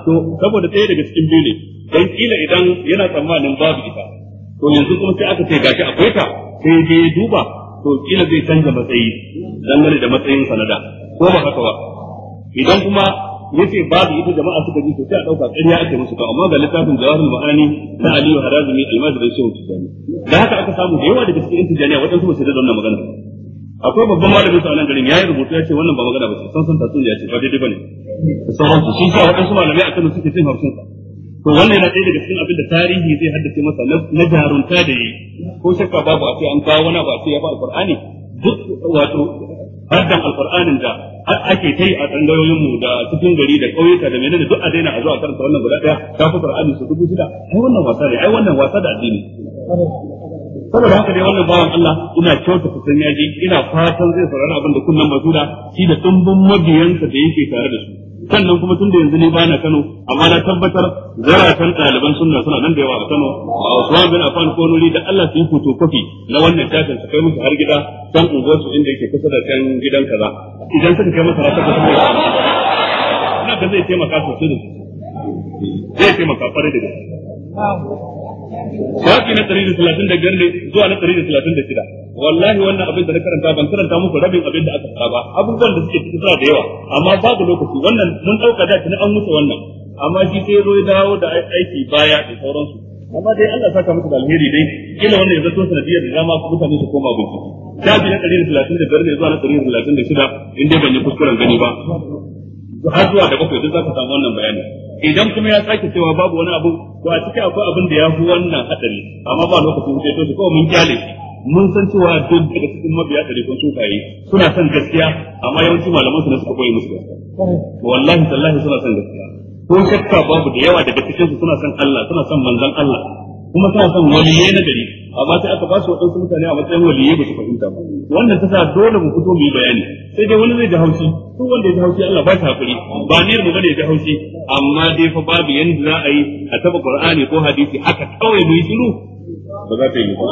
to saboda ɗaya daga cikin biyu ne dan kila idan yana tsammanin babu ita to yanzu kuma sai aka ce gashi akwai ta sai je duba to kila zai canza matsayi dangane da matsayin sanada ko ba haka ba idan kuma yace babu ita jama'a suka ji to sai a dauka ƙarya ake musu ba amma ga littafin jawahirul ma'ani na Aliyu Harazimi almajirin shehu Tijani da haka aka samu da yawa daga cikin Tijani waɗansu ba su da wannan magana akwai babban malamin su a nan garin yayi rubutu ya ce wannan ba magana ba ce san san tatsun ya ce ba daidai bane sauran su sun sa waɗansu malamai a Kano suke cin hausin sa to wannan yana ɗaya daga cikin abin da tarihi zai haddace masa na jarunta da yi ko shakka babu a ce an kawo wani ba a ce ya ba alqur'ani duk wato haddan alqur'anin da ake ta yi a tsangayoyin mu da cikin gari da kauyuka da menene duk a daina a zo a karanta wannan guda daya ta fi qur'ani su dubu shida ai wannan wasa ne ai wannan wasa da addini saboda haka dai wannan bawan Allah ina kyauta kusan yaji ina fatan zai saurari abin da kunnan basura shi da dumbin mabiyansa da yake tare da su sannan kuma tun da yanzu ba bana Kano amma na tabbatar zaratan ɗaliban sunna suna nan da yawa a Kano a Usman bin Affan ko nuri da Allah su yi fotokofi na wannan tashin su kai musu har gida san unguwar su inda yake kusa da kan gidan kaza idan suka kai masa rata kusa da ina ga zai taimaka sosai da zai taimaka kwarai da gaske Baki na 135 ne zuwa na 136 wallahi wannan abin da na karanta ban karanta muku rabin abin da aka fara ba abubuwan da suke cikin da yawa amma babu lokaci wannan mun dauka da tuni an mutu wannan amma shi sai zo ya dawo da aiki baya da sauransu amma dai Allah saka muku da alheri dai kila wannan ya zato sanadiyar da dama mutane su koma bincike shafi na 135 ne zuwa na 136 in dai ban yi kuskuren gani ba har zuwa da bakwai duk za ka samu wannan bayani idan kuma ya sake cewa babu wani abu to a cikin akwai abin da ya fi wannan hadari amma ba lokacin wuce to kawai mun kyale mun san cewa duk daga cikin mabiya ɗari kun sufaye suna son gaskiya amma yawanci malaman su ne suka koyi musu gaskiya wallahi tallahi suna son gaskiya ko shakka babu da yawa daga cikin su suna son Allah suna son manzon Allah kuma suna son ne na gari amma sai aka ba su waɗansu mutane a matsayin waliyai ba su fahimta ba wannan ta sa dole mu fito mu yi bayani sai dai wani zai ji haushi duk wanda ya ji haushi Allah ba shi hakuri ba ne mu bane ya ji haushi amma dai fa babu yanda za a yi a taba Qur'ani ko hadisi haka kawai mu yi shiru ba za ta yi ba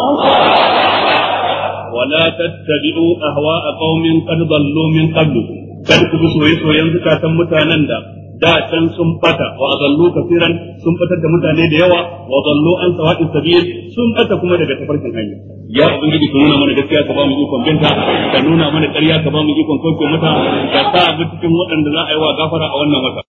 wala tattabi'u ahwa'a qaumin qad dallu min qablu kada ku bi soye-soyen san mutanen da da can sun bata wa kasiran kafiran sun batar da mutane da yawa wa adallu an sawati sabiyin sun bata kuma daga tafarkin hanya ya ubangiji ka nuna mana gaskiya ka ba mu ikon binta ka nuna mana ƙarya ka ba mu ikon kauce mata ka sa mu cikin waɗanda za a yi wa gafara a wannan wata